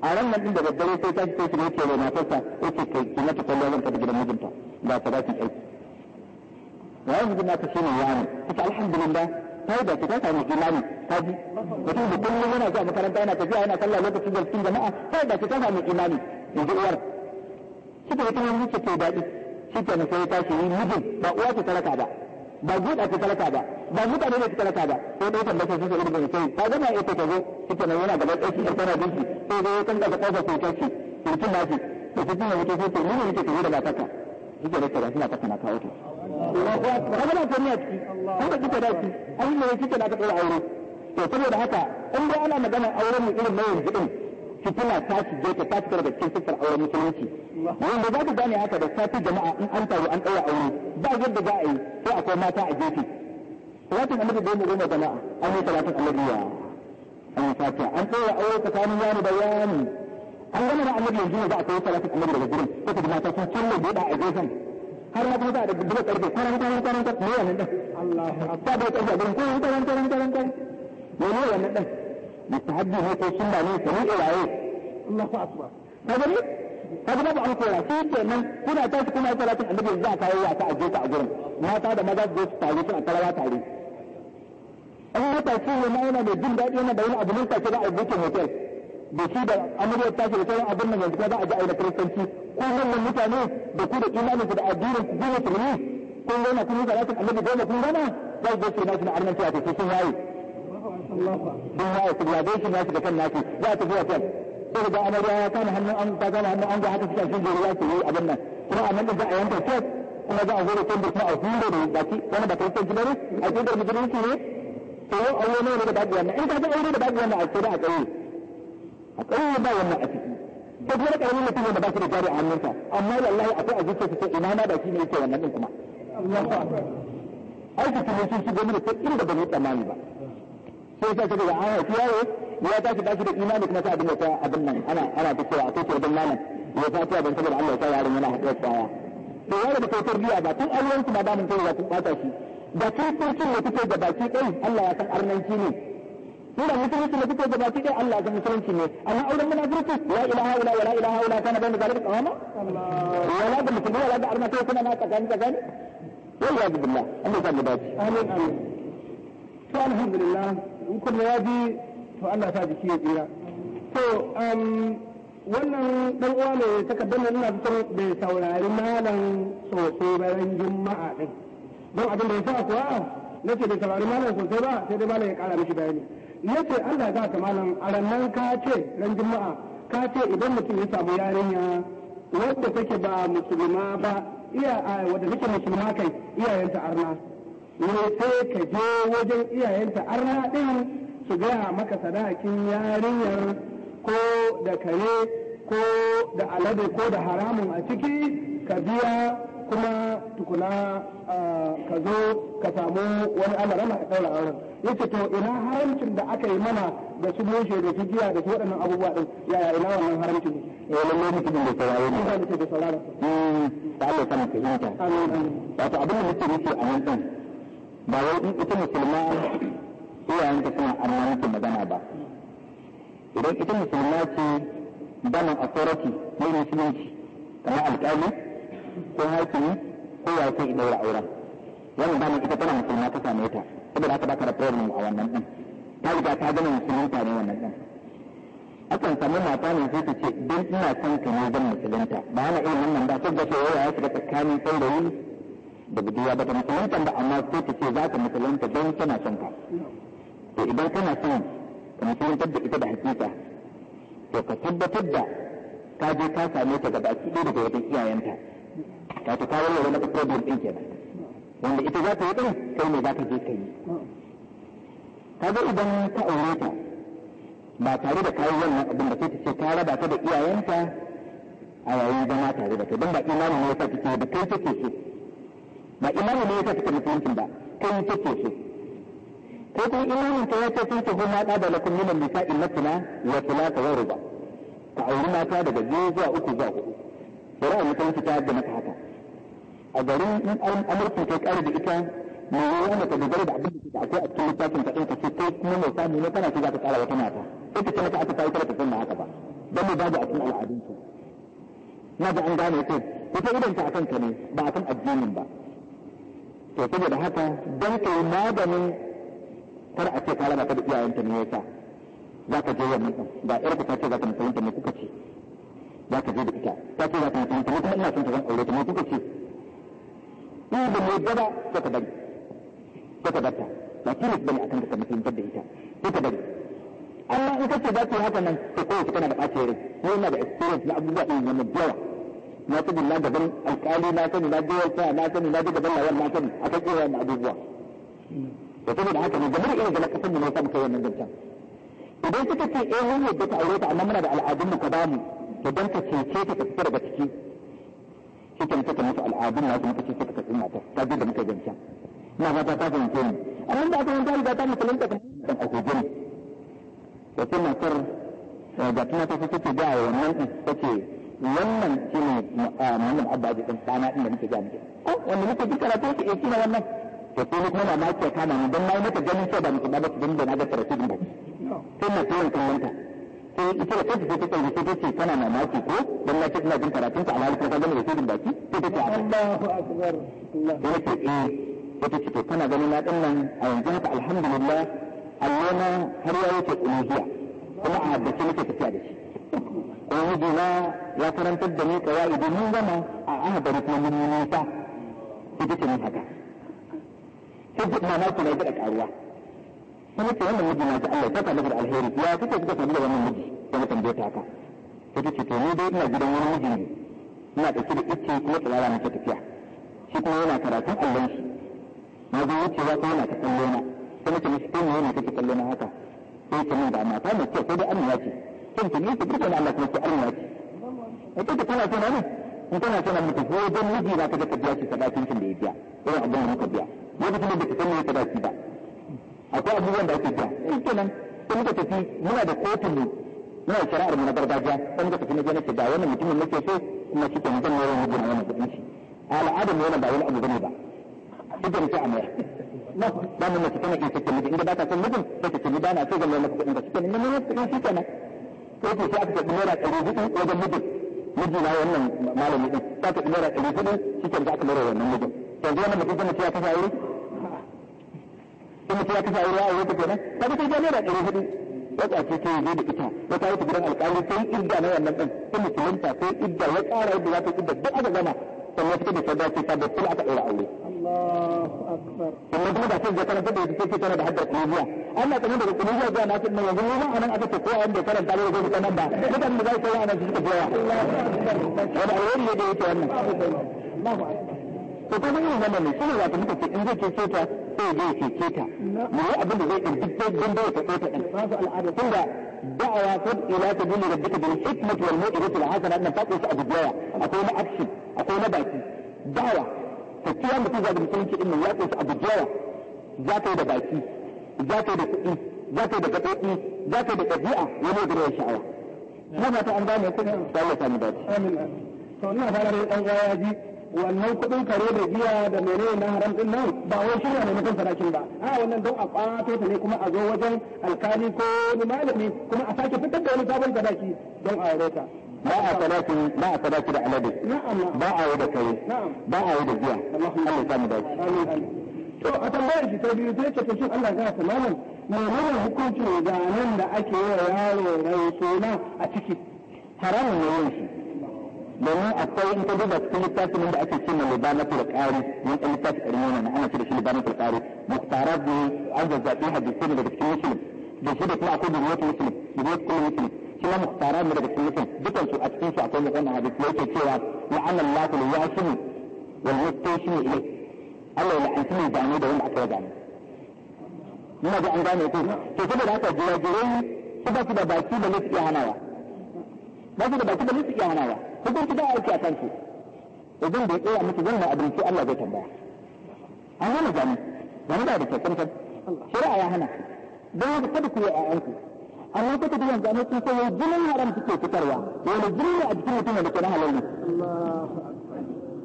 a ran nan din da daddare sai ta sai ki ne ke mai matarsa yake kai ki mata kallon zan tafi gidan mijinta Ba ta za ki aiki wani mijin ta shi ne yani kace alhamdulillah ta yi da ta samu imani ta ji mutum da kullum yana zuwa makaranta yana tafiya yana sallah lokacin da cikin jama'a ta yi da ta samu imani yanzu uwar suka yi tunan muke ke daɗi shi ke sai ta ce yi mijin ba uwa ce talaka ba ba guda ce talaka ba ba mutane ne ce talaka ba sai dai tambaya sai sai da kai ta gama ita ta zo shi ke yana gaba ɗauki ɗan tana dinki sai dai kan daga ƙofar ko ta ce mutum na ce to su tuna mutum sai ce ni ne nake tafi da matarka shi ke da kira suna kasa na kawo ta. Kaga ba ta ne a ciki, da kike da shi ai ne kike da ka ɗora aure. To saboda haka in dai ana magana auren mu irin mai yanzu ɗin fitina ta shige ta ta fitar da cikin sifar auren musulunci wanda za ka gane haka da safi jama'a in an taru an ɗaura aure ba yadda za a yi sai akwai mata a gefe salatin annabi da goma jama'a an yi salatin annabi ya an an ɗaura aure tsakanin yaro da yaro an gama da annabi yanzu ne za a koyi salatin annabi daga gurin sai ka mata sun cilla buɗa a gefen har ma kuma za a da buga ƙarfe kwanan kwanan kwanan kwanan ne wannan ɗan ta da ƙarfe a gurin kwanan kwanan kwanan kwanan kwanan ne ne wannan ɗan mustahabbi ne ko sunna ne ko ne waye Allahu akbar ka gani ka ga babu an koya, shi kenan kuna tashi kuna salatin annabi za a kawo wata a jeta a gurin mata da maza su zo su tare suna karawa tare an wata shi ya yana mai jin daɗi yana da wani abu ne sai za a bukin hotel da shi da amuriyar tashi da sauran abin nan yanzu za a ji a yi da kiristanci ko wannan mutane da ku da imanin ku da addinin ku gina turmi kun zauna kun yi salatin annabi goma kun gama za su zo su shi nasu na armanci a tafi sun yaye. Sun yaye, su yaye su nasu da kan nasu za a tafi a sai ga amarya ya kama hannun an ta kama hannun an ga haka suka shi gori ya ke abin nan kuma a nan da za a yanka kek kuma za a zo da kek da kuma a hura da baki wani ba kai kek bane a ce da gidan ki ne to yau aure ne da babu wannan in ka ga aure da babu wannan a ce da a ƙauye a ƙauye ba wannan a ciki ko kuma karamin mutum wanda ba shi da jari a hannunsa amma wallahi akwai a zuciyarsa sai ina ma da shi ne yake wannan din kuma sun shigo mini ta inda tsammani ba sai ce ya tashi tashi da imani kuma sai abin da ta abin nan ana ana ta cewa akwai kirgin malam ya ta ban saboda Allah ya kai yaron yana haɗuwar tsaya to ya da kai tarbiya ba tun auren kuma da mun kai ba kuma bata shi da kai sarkin ya fito da baki ɗin Allah ya san arnanci ne Ina musulunci ne fito da baki ɗin Allah ya san musulunci ne amma auren munafurci la ilaha illa wa la ilaha illa kana bayan zalika Ya wala da musulmi wala da arna kai kuma na tsakani tsakani wallahi billah Allah ya san da baki. amin amin to alhamdulillah in ya bi to Allah ta jiki ya tsira to um, wannan dan uwa ne takardar nan ina fitar da saurari malam sosai bayan juma'a din don abin da ya sa kuwa nace da saurari malam sosai ba sai dai malam ya kara mishi bayani nace Allah za ka malam a nan ka ce ran juma'a ka ce idan mutum ya samu yarinya wadda take ba musulma ba iya wadda take musulma kai iyayenta arna ne sai ka je wajen iyayenta arna din su gaya maka sadakin yarinyar ko da kare ko da alade ko da haramun a ciki ka biya kuma tukuna ka zo ka samu wani amarama a ɗaura auren yace to ina haramcin da aka yi mana da su mushe da su giya da su waɗannan abubuwa ɗin yaya ina wannan haramcin eh, ne wani ma mutum da sauraro ne da da sauraro hmm, ta Allah sama fahimta wato abin da nake nufi a nan ɗin ba wai ita musulma iyayen ta suna amma miki magana ba idan ita musulma ce bana authority na musulunci kamar alƙali ko hakimi ko ya ce idan auren wannan dama ita tana musulma ta same ta saboda haka baka da problem a wannan din ta riga ta gama musulunta ne wannan din akan samu mata ne sai ta ce don ina son ka ne zan musulunta ba ana irin wannan ba sai da ke ya shiga tsakanin saurayi da budurwa ba ta musulunta ba amma sai ta ce za ka musulunta don tana son ka to idan kana son ka mutuntar da ita da hakika to ka tabbatar da ka je ka same ta gaba ki daga wajen iyayenta ka ta kawo wa wani problem ɗin kenan wanda ita za ta yi ɗin kai ne za ka je ka yi kaga idan ka aure ta ba tare da kayi wannan abin da sai ta ce ka raba ta da iyayenta a yayin zama tare da kai don ba imani ne yasa take da kai take so ba imani ne ya sa take mutuncin ba kai ke so ko kuma imanin ta yace sun ce kuma da da lakum min nisa'i matna wa thulatha wa ruba ta auri mata daga biyu zuwa uku zuwa hudu bari an mutum ta yadda mata haka a garin in amurkin ta kare da ita mai yi wanda ta dogara da abin da akwai a cikin littafin ta ɗauka sai ko kuma mai samu ne tana ce za ta tsara wata mata sai ta ce mata aka kawo ta sunna haka ba don mu babu a cikin al'adun ta na da an gane ko ita idan ta akan ka ne ba akan addinin ba to saboda haka dan kai maganin kar a ce ka raba ka da iyayenta ne yasa za ka je wannan ɗin ga ƴar ta ce za ka musulunta ne kuka ce za ka je da ita ta ce za ka mutu ne kuma ina son ta zan aure ta ne kuka ce in da mai gaba ka ka bari Ka ka barta ba tilas bane akan ka musulunta da ita sai ka bari amma in ce za ka yi haka nan to kowace tana da ɓace rai ko yana da experience na abubuwa ɗin yana da yawa na sani na gaban alkali na sani na jiyar sa na sani na ji gaban lawan na sani akan irin na abubuwa da da haka ne game da irin da kasar mu ne ya samu kai wannan zancen idan kika ce eh mun yadda ka aure ta amma muna da al'adun mu ka bamu to dan ka cece ta ka fita daga ciki shi ta mutu al'adun na kuma cece ta ka tsina ta ta da muka zancen ina ba ta ta fahimce ni amma da aka wanda riga ta musulunta kan a gobe ne da na matar eh, ga tuna ta fito ta gaya wannan din take wannan shine mu'amalan eh, Muhammad Abba Aziz ɗana ɗin da muke gaya muke. Oh, wanda muke ji karatu yake iya kina wannan. to ko ni kuma na ke kama ni dan na yi mata ganin cewa ba mutum ba don da na ga tarafi ba sai na tuwon ta sai ita da kanta sai ta kalli sai ta ce kana ko dan na ce ina jin karatun ta alhali kuma gama da sai sai ta ce Allahu akbar Allah ta ce eh wata ce to kana ganin na din nan a yanzu haka alhamdulillah allona har ya yake uluhiya kuma a haddace nake tafiya da shi kuma mijina ya karantar da ni kawai idan mun gama a ahadari kuma mun yi nisa ita ce mun haka sai mama ku na da karuwa kuma ce wannan miji na ji Allah ta tabbata alheri ya kike kika tafi da wannan miji da mutum bai taka sai ta ce to ni dai ina gidan wani miji ne ina da kiri ice kuma tsara na tafiya shi kuma yana karatun Allah shi na zo wucewa ko yana ta kallo na sai mutum shi ko yana ta kallo na haka sai ta min da mata ne kyau sai dai Allah ce sai ta ni ta duka Allah kuma ce Allah ce ita ta kana tana ne in tana tana mutum ko dan miji za ka ga ta biya shi sadakin da ya biya ko abin da muka biya wata kuma bata san me yake ba akwai abubuwan da ake biya eh kenan sai muka tafi muna da kotun mu muna shari'ar mu na gargajiya sai muka tafi na je nake da wannan mutumin nake so kuma shi ke zan wannan shi ba wani abu bane ba ke ba ba ta son ba na so zan ba shi kenan na shi kenan ko aka tafi hudu wajen na wannan malami tafi hudu shi kenan wannan yanzu wannan mutum zan ce ya aure in mutum ya kasa aure a wata kenan ta ga sai naira ɗari hudu wata ce ta yi da ita ya gida ta gidan alƙali sai idda na wannan ɗin in musulunta sai idda ya ƙara yadda za ta idda duk aka gama sannan suka da ce ta da kula aka ɗaura aure. Sannan kuma da sai da karanta da yake ce tana da haddar kulubiya. Allah kamar daga kulubiya zuwa na fi yanzu a nan aka ce karanta da gobe ta nan ba. Mutane da za su kowa a nan su suka koya. Wani ne da wannan. To kuma ne za ta muka ce in zai ce ta sai zai cece ta mu yi abin da zai ɗin don bai ta ɗauka ɗin tunda da'awa sun ila ta wal hasana a jibiyaya akwai na action akwai na baki da'awa ta kiya mutum zaga ya a jibiyaya za yi da baki za yi da kuɗi za ka yi da gaɓoɓi za yi da ɗabi'a wani sha'awa. Na an gane kuma. Allah ya sami dace. Amin. To ina fara ɗan gawa ji wannan kuɗin kare da biya da mene na haram din nan ba wai shirya ne mutum sadakin ba a wannan don a kwato ta ne kuma a zo wajen alkali ko wani malami kuma a sake fitar da wani sabon sadaki don a aure ta ba a sadaki ba a sadaki da alade ba a yi da kare ba a yi da biya Allah ya samu dace to a tambayar shi ta biyu sai ce shin Allah ya sa malam menene hukuncin zanen da ake yi wa yaro rai suna a ciki haramun ne yin shi domin akwai in ka duba cikin littafin da ake cewa libanatul qari wani ɗan littafi ƙarni wannan ana ce da shi libanatul qari muktarat ne an zazzaɓi hadisai daga cikin muslim da shi da kuma akwai da wata muslim da wata kuma muslim shi ma muktarat ne daga cikin muslim dukan su a cikin su akwai wannan hadisi yake cewa la'ana Allahu al-yashin wal mustashi ilay Allah ya la'anci mai zane da wanda aka zane muna ga an gane ko to saboda haka jira jirai su ba su da baki da musu iya hanawa ba su da baki da musu hanawa idan ki da aiki a kanki idan bai tsaya miki wannan abinci Allah zai tambaya an hana gani wani da da kanta ta shari'a ya hana don haka kada ku yi ƴaƴanku amma kuka da yanzu ne kun koyo jinin haram kike fitarwa wani jini ne a jikin mutum da ke na halalli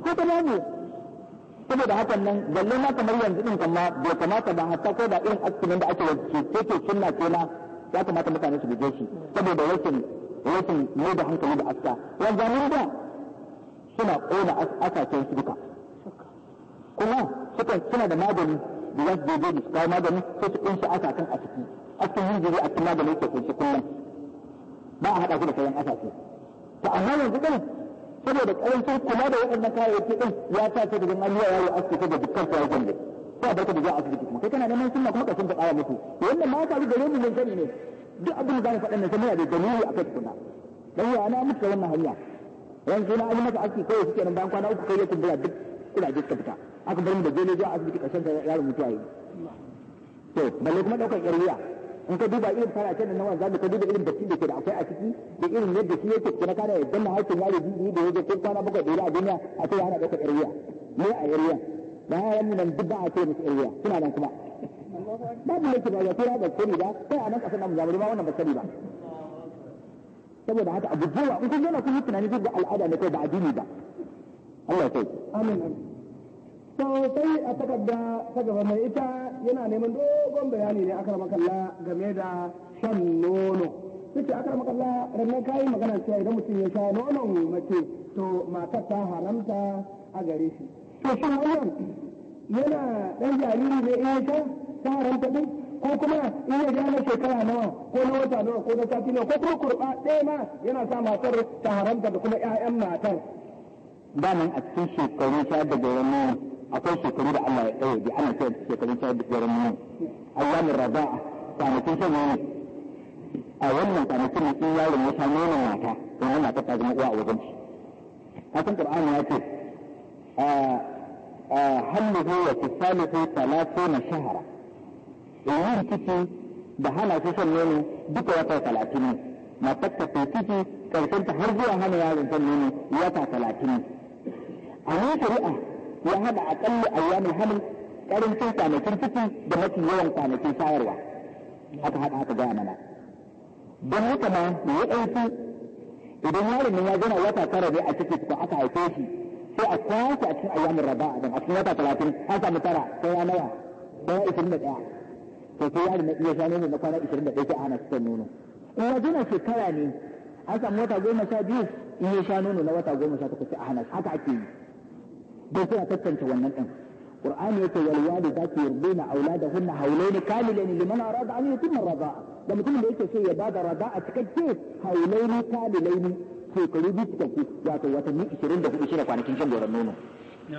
haka babu saboda hakan nan balle na kamar yanzu din kan ma bai kamata ba hatta ko da irin askinin da ake yi ke ke sunna ke na ya kamata mutane su guje shi saboda rashin rashin mai da hankali da aska wanda mun da suna ƙona asashen su duka kuma sukan suna da magani da za su je da su kawo magani sai su ƙunshi asakan a ciki askin yin jiri a cikin magani yake ƙunshi kullum ba a haɗa su da kayan asashe to amma yanzu ɗin saboda ƙarancin kula da waɗannan kayayyaki ɗin ya sa ce daga zama yiwa yaro aski saboda dukkan su ya gwamnati sai a barka da zuwa asibiti kuma kai kana neman sunna kuma ka sun da ƙara mutu wannan ma ka gare mu mun ne duk abin da faɗa ne kuma da dalili a kai tukuna dan ya na muka wannan hanya yanzu na abin maka aiki ko suke nan dan kwana uku kai ya kumbura duk kuraje suka fita aka bar mu da gele zuwa asibiti karshen da yaron mutuwa yi to balle kuma daukar yar in ka duba irin farashen da nawa zamu ka duba irin dattin da ke da akwai a ciki da irin yadda shi yake kuma kana ya danna haƙin yaro bibi da yake ko kwana bakwai dole a duniya a ce yana daukar yar wuya a yar da mu nan duk ba a ce musu yar suna nan kuma Babu mu da ba ya tura da ba kai a nan kasar namu zamani ba wannan ba ba saboda haka abu jewa in kun yana kun yi tunani zai ga al'ada ne kai ba addini ba Allah kai amin sai a takarda ta gaba mai ita yana neman dogon bayani ne akar makalla game da shan nono suke akar makalla rannan kayi magana cewa idan mutum ya sha nonon mace to matar ta haramta a gare shi to shin wannan yana ɗan jariri ne in ya sha ta haramta ko kuma in ya gane shekara nawa ko na wata nawa ko na sati nawa ko kuma kurba ɗaya ma yana sa matar ta haramta da kuma ƴaƴan matar ba nan a cikin shekaru ta da goron nono akwai shekaru da Allah ya ɗaure ana ce shekaru ta da goron nono ayyamin raba'a kwanakin shan nono a wannan kwanakin in yaron ya sha nonon mata wannan mata ta zama uwa a wajen shi hakan Qur'ani ya ce a ah, ah, hannuhu wa Talatu na shahara yin ciki da hana shi shan nono duka wata talatin ne matar ta ciki karshen ta har zuwa hana yaron shan nono wata talatin ne a ne shari'a ya hada aƙalla ayyamin hamil karancin kwanakin ciki da mafi yawan kwanakin shayarwa haka haka haka gaya mana don haka ma ya ɗauki idan yaron ya gana wata tara ne a ciki ko aka haife shi sai a kwashe a cikin ayyamin raba'a don a cikin wata talatin an samu tara sai ya nawa sai ya ishirin da ɗaya to ko yaro na iya shanu nono na kwana 21 sai a hana shan nono in wajena shekara ne an samu wata goma sha biyu in ya sha nono na wata goma sha takwas a hana haka ake yi dai sai a tattance wannan din qur'ani yake wal walidati yurdina auladahunna hawlaini kamilaini liman arada an yutimma rada'a da mutumin da yake so ya bada a cikakke hawlaini kamilaini shekaru biyu cikakku wato watanni da 24 shida kwanakin shan goron nono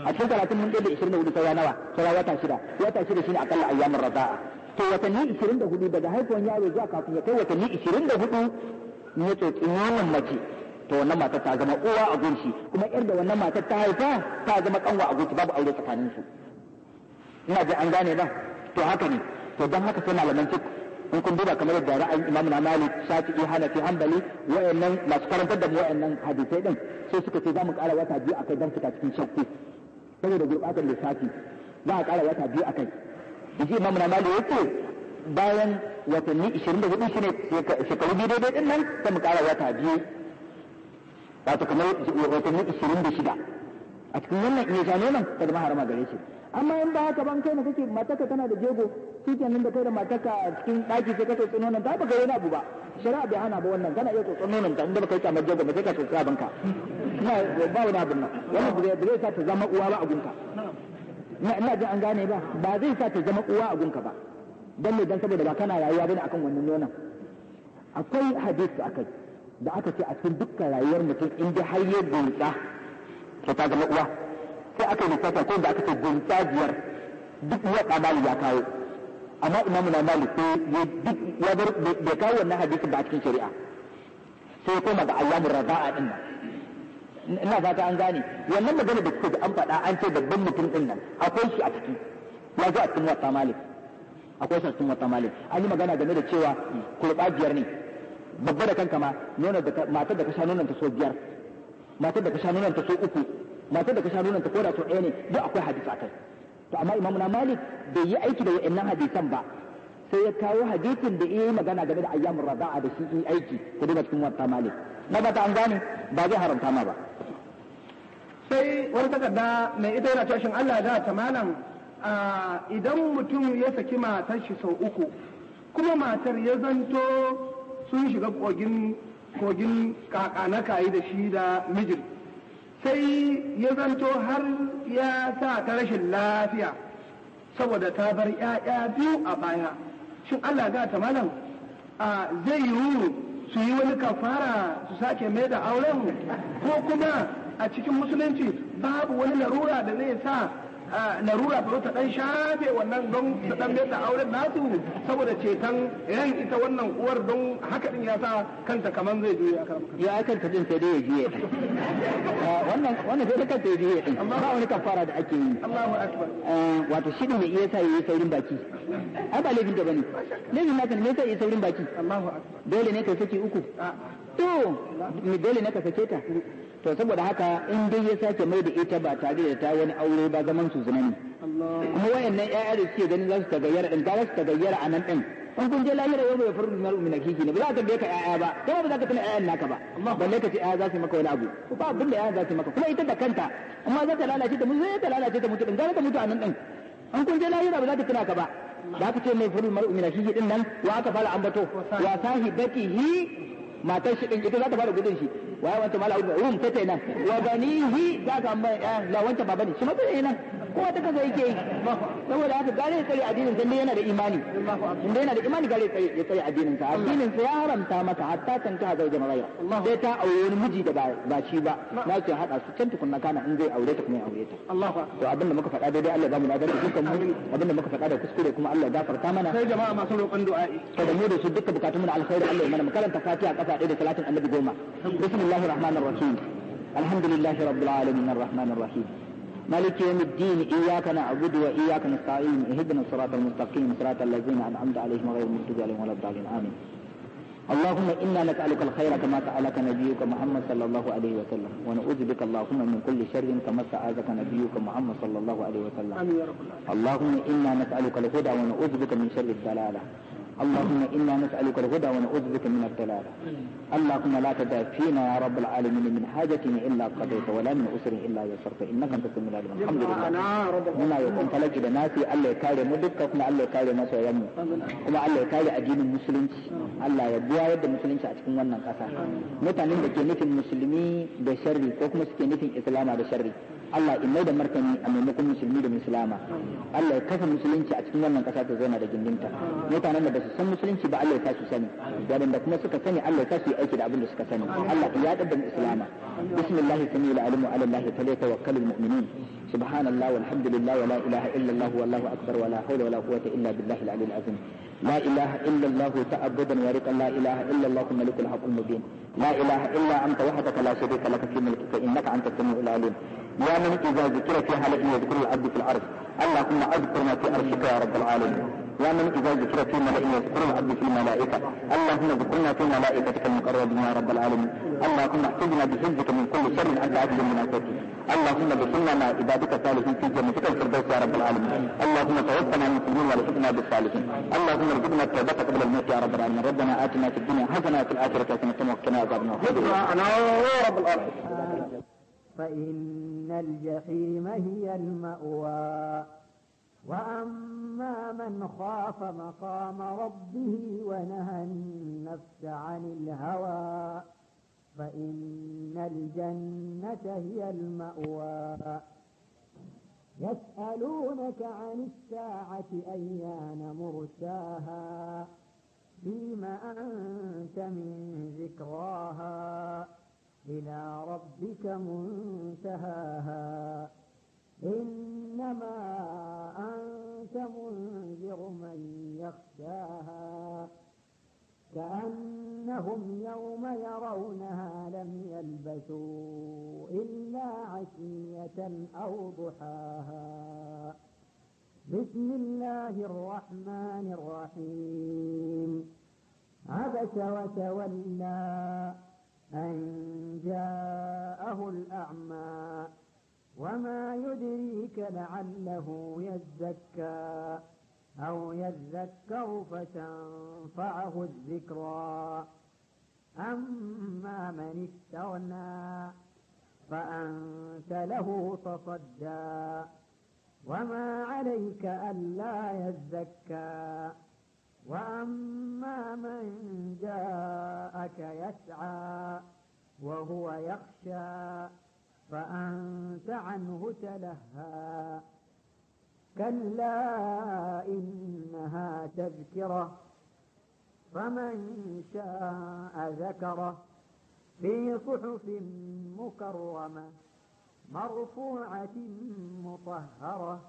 a cikin talatin mun da ishirin 24 saura nawa saura wata shida wata shida shine akalla ayyamin rada'a to watanni 24 daga haifuwan yaro zuwa kafin ya kai watanni 24 ne to tsinanin mace to wannan matar ta zama uwa a gunshi kuma yar da wannan matar ta haifa ta zama kanwa a gunshi babu aure tsakanin su ina ji an gane ba to haka ne to don haka sai malaman fiqh in kun duba kamar yadda ra'ayin Imam na Malik Shafi'i Hanafi Hanbali wayannan masu karantar da mu wayannan hadisai din sai suka ce za mu ƙara wata biyu akai don fita cikin shakku saboda gurbatar lissafi za a ƙara wata biyu akai da shi imamu na malu ya ce bayan watanni 24 shine shekaru biyu daidai din nan ta mu kara wata biyu wato kamar watanni 26 a cikin wannan iya sha nonon ta zama harama gare shi amma in ba haka ban kai na kake mataka tana da jego shi nan da kai da mataka a cikin daki sai ka tsotsi nonon ta ba ka wani abu ba shari'a bai hana ba wannan kana iya tsotsi nonon ta inda ba kai kamar jego ba sai ka tsotsi abinka ba wani abin nan wannan ba zai sa ta zama uwa ba a gunka ina jin an gane ba ba zai sa ta zama uwa a gunka ba dan ne dan saboda ba kana rayuwa bane akan wannan nonon akwai hadisi akai da aka ce a cikin dukkan rayuwar mutum in da har ya gunsa ta zama uwa sai aka lissafa ko da aka ce gunsa biyar duk uwa kamali ya kawo amma imamu na malik sai ya bar bai kawo wannan hadisi ba a cikin shari'a sai ya koma ga ayyamin raza'a din nan ina fata an gane wannan magana da kuka ji an faɗa an ce babban mutum din nan akwai shi a ciki ya zo a cikin wata malik akwai shi a cikin wata malik an yi magana game da cewa biyar ne babba da kanka ma nono da matar da ka sha nonon ta so biyar matar da ka sha nonon ta so uku matar da ka sha nonon ta koda so ɗaya ne duk akwai hadisi akai to amma imamu na malik bai yi aiki da wa'annan hadisan ba sai ya kawo hadisin da yayi magana game da ayyamin raza'a da shi aiki ku duba cikin wata malik na ba ta an gane ba zai haramta ma ba sai wani takarda mai ita yana tashin Allah da ta malam idan mutum ya saki matar shi sau uku kuma matar ya zanto sun shiga kogin kogin kayi da shi da mijin sai ya zanto har ya sa ta rashin lafiya saboda ta bar 'ya'ya biyu a baya shin Allah da ta malam zai yiwu su yi wani kafara su sake mai da auren ko kuma a cikin musulunci babu wani larura da zai sa larura ta ta dan shafe wannan don ta dan da auren nasu saboda ceton ran ita wannan uwar don haka din ya sa kanta kaman zai juya ya akan ta din sai dai ya juye wannan wannan sai kanta ya juye din ba wani kafara da ake yi Allahu akbar wato shi ne iya sa yayi saurin baki ai ba laifin da bane laifin naka ne me yasa yayi saurin baki Allahu akbar dole ne ka saki uku to dole ne ka sake ta to saboda haka in dai ya sake mai da ita ba tare da ta wani aure ba zaman su zina ne kuma wayannan ƴaƴa da suke ganin za su tagayyara din za su tagayyara a nan din in kun je lahira yau bai faru maru min hakiki ne ba za ka ga ka ƴaƴa ba kuma ba za ka tana ƴaƴan naka ba balle ka ce ƴaƴa za su maka wani abu ba abin da ƴaƴa za su maka kuma ita da kanta kuma za ta lalace ta mutu zai ta lalace ta mutu din gara ta mutu a nan din in kun je lahira ba za ta tuna ka ba da aka ce mai furul mar'u din nan wa aka fara ambato wa sahibatihi matar shi din ita za ta fara gudun shi wa ya wanta mala rum ta nan wa banihi za ka mai la eh, wanta baba ne shi ma ta nan kowa ta kansa yake yi saboda haka gare ya tsare addinin sa yana da imani inda yana da imani gare ya tsare addinin sa addinin sa ya haramta maka hatta san ka zauja magaira sai ta aure wani miji da ba shi ba na ce hada su can tukunna kana in zai aure ta kuma ya aure ta to abin da muka faɗa daidai Allah ya mu ladan da dukkan mu abin da muka faɗa da kuskure kuma Allah ya gafarta mana sai jama'a masu roƙon du'a'i kada mu da su duka bukatun mu na alkhairi Allah ya mana mu karanta Fatiha kafa ɗaya da salatin Annabi goma bismillahir rahmanir rahim alhamdulillahi rabbil alamin arrahmanir rahim مالك يوم الدين إياك نعبد وإياك نستعين اهدنا الصراط المستقيم صراط الذين أنعمت عليهم غير المغضوب عليهم ولا الضالين آمين اللهم إنا نسألك الخير كما سألك نبيك محمد صلى الله عليه وسلم ونعوذ بك اللهم من كل شر كما استعاذك نبيك محمد صلى الله عليه وسلم آمين يا رب اللهم إنا نسألك الهدى ونعوذ بك من شر الضلالة اللهم إنا نسألك الهدى ونعوذ بك من الضلال اللهم لا تدع فينا يا رب العالمين من حاجة إلا قضيت ولا من أسر إلا يسرت إنك أنت السميع العليم الحمد لله muna roƙon talaki da nasi Allah ya kare mu dukkan kuma Allah ya kare masoyan mu kuma Allah ya kare addinin musulunci Allah ya biya yadda musulunci a cikin wannan ƙasa mutanen da ke nufin musulmi da sharri ko kuma suke nufin islama da sharri Allah in da martani a maimakon musulmi da musulama Allah ya kafa musulunci a cikin wannan kasa ta zauna da gindinta mutanen da su san musulunci ba Allah ya su sani waɗanda kuma suka sani Allah ya su yi aiki da abin da suka sani Allah ya da islama bismillah samiul alim ala Allah tawakkal mu'minin subhanallah walhamdulillah wala ilaha illa Allah wallahu akbar wala hawla wala quwwata illa billahi al-ali al-azim لا إله إلا الله تعبدا ورقا لا إله إلا الله الملك الحق المبين لا إله إلا أنت وحدك لا شريك لك في ملكك إنك أنت السميع العليم يا من إذا ذكر في حالة يذكر العبد في العرش اللهم أذكرنا في عرشك يا رب العالمين يا من إذا ذكر في ملائكة يذكر العبد في ملائكة اللهم ذكرنا في ملائكتك المقربين يا رب العالمين اللهم احفظنا بحفظك من كل شر أنت عبد من أتاك اللهم ادخلنا مع عبادك الصالحين في جنتك الفردوس يا رب العالمين اللهم توفنا المسلمين والحقنا بالصالحين اللهم ارزقنا التوبة قبل الموت يا رب العالمين ربنا آتنا في الدنيا حسنة في الآخرة حسنة وقنا عذاب النار يا رب العالمين فإن الجحيم هي المأوى وأما من خاف مقام ربه ونهى النفس عن الهوى فإن الجنة هي المأوى يسألونك عن الساعة أيان مرساها فيما أنت من ذكراها إلى ربك منتهاها إنما أنت منذر من يخشاها كأنهم يوم يرونها لم يلبثوا إلا عشية أو ضحاها بسم الله الرحمن الرحيم عبس وتولى أن جاءه الأعمى وما يدريك لعله يزكى أو يذكر فتنفعه الذكرى أما من استغنى فأنت له تصدى وما عليك ألا يزكى وأما من جاءك يسعى وهو يخشى فأنت عنه تلهى كلا إنها تذكرة فمن شاء ذكره في صحف مكرمة مرفوعة مطهرة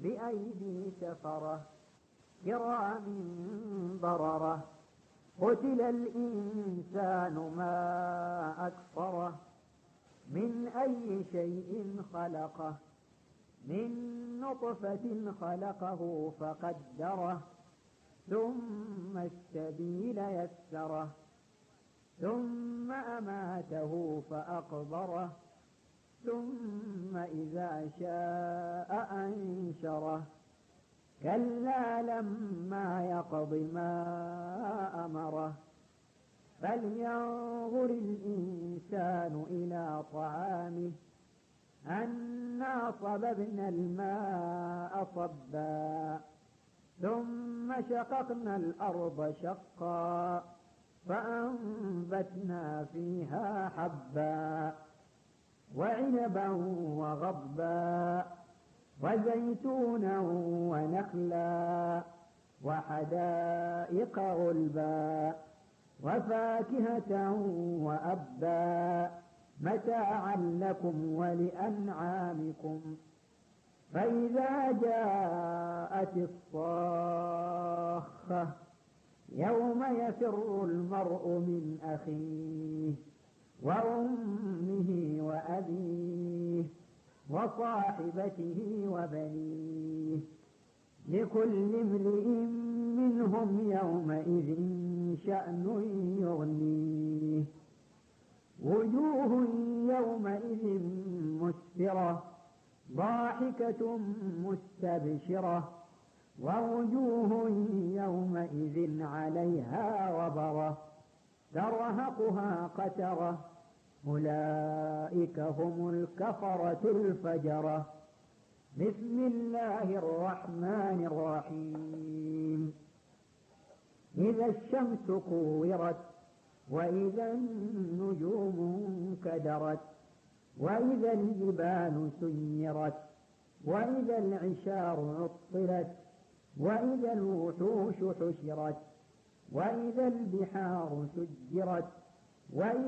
بأيدي سفرة كرام بررة قتل الإنسان ما أكفره من أي شيء خلقه من نطفة خلقه فقدره ثم السبيل يسره ثم أماته فأقبره ثم إذا شاء أنشره كلا لما يقض ما أمره فلينظر الإنسان إلى طعامه أنا صببنا الماء صبا ثم شققنا الأرض شقا فأنبتنا فيها حبا وعنبا وغبا وزيتونا ونخلا وحدائق غلبا وفاكهة وأبا متاعا لكم ولأنعامكم فإذا جاءت الصاخة يوم يفر المرء من أخيه وأمه وأبيه وصاحبته وبنيه لكل امرئ منهم يومئذ شأن يغنيه وجوه يومئذ مسفرة ضاحكة مستبشرة ووجوه يومئذ عليها غبرة ترهقها قترة أولئك هم الكفرة الفجرة بسم الله الرحمن الرحيم إذا الشمس كورت وإذا النجوم كدرت وإذا الجبال سيرت وإذا العشار عطلت وإذا الوحوش حشرت وإذا البحار سجرت وإذا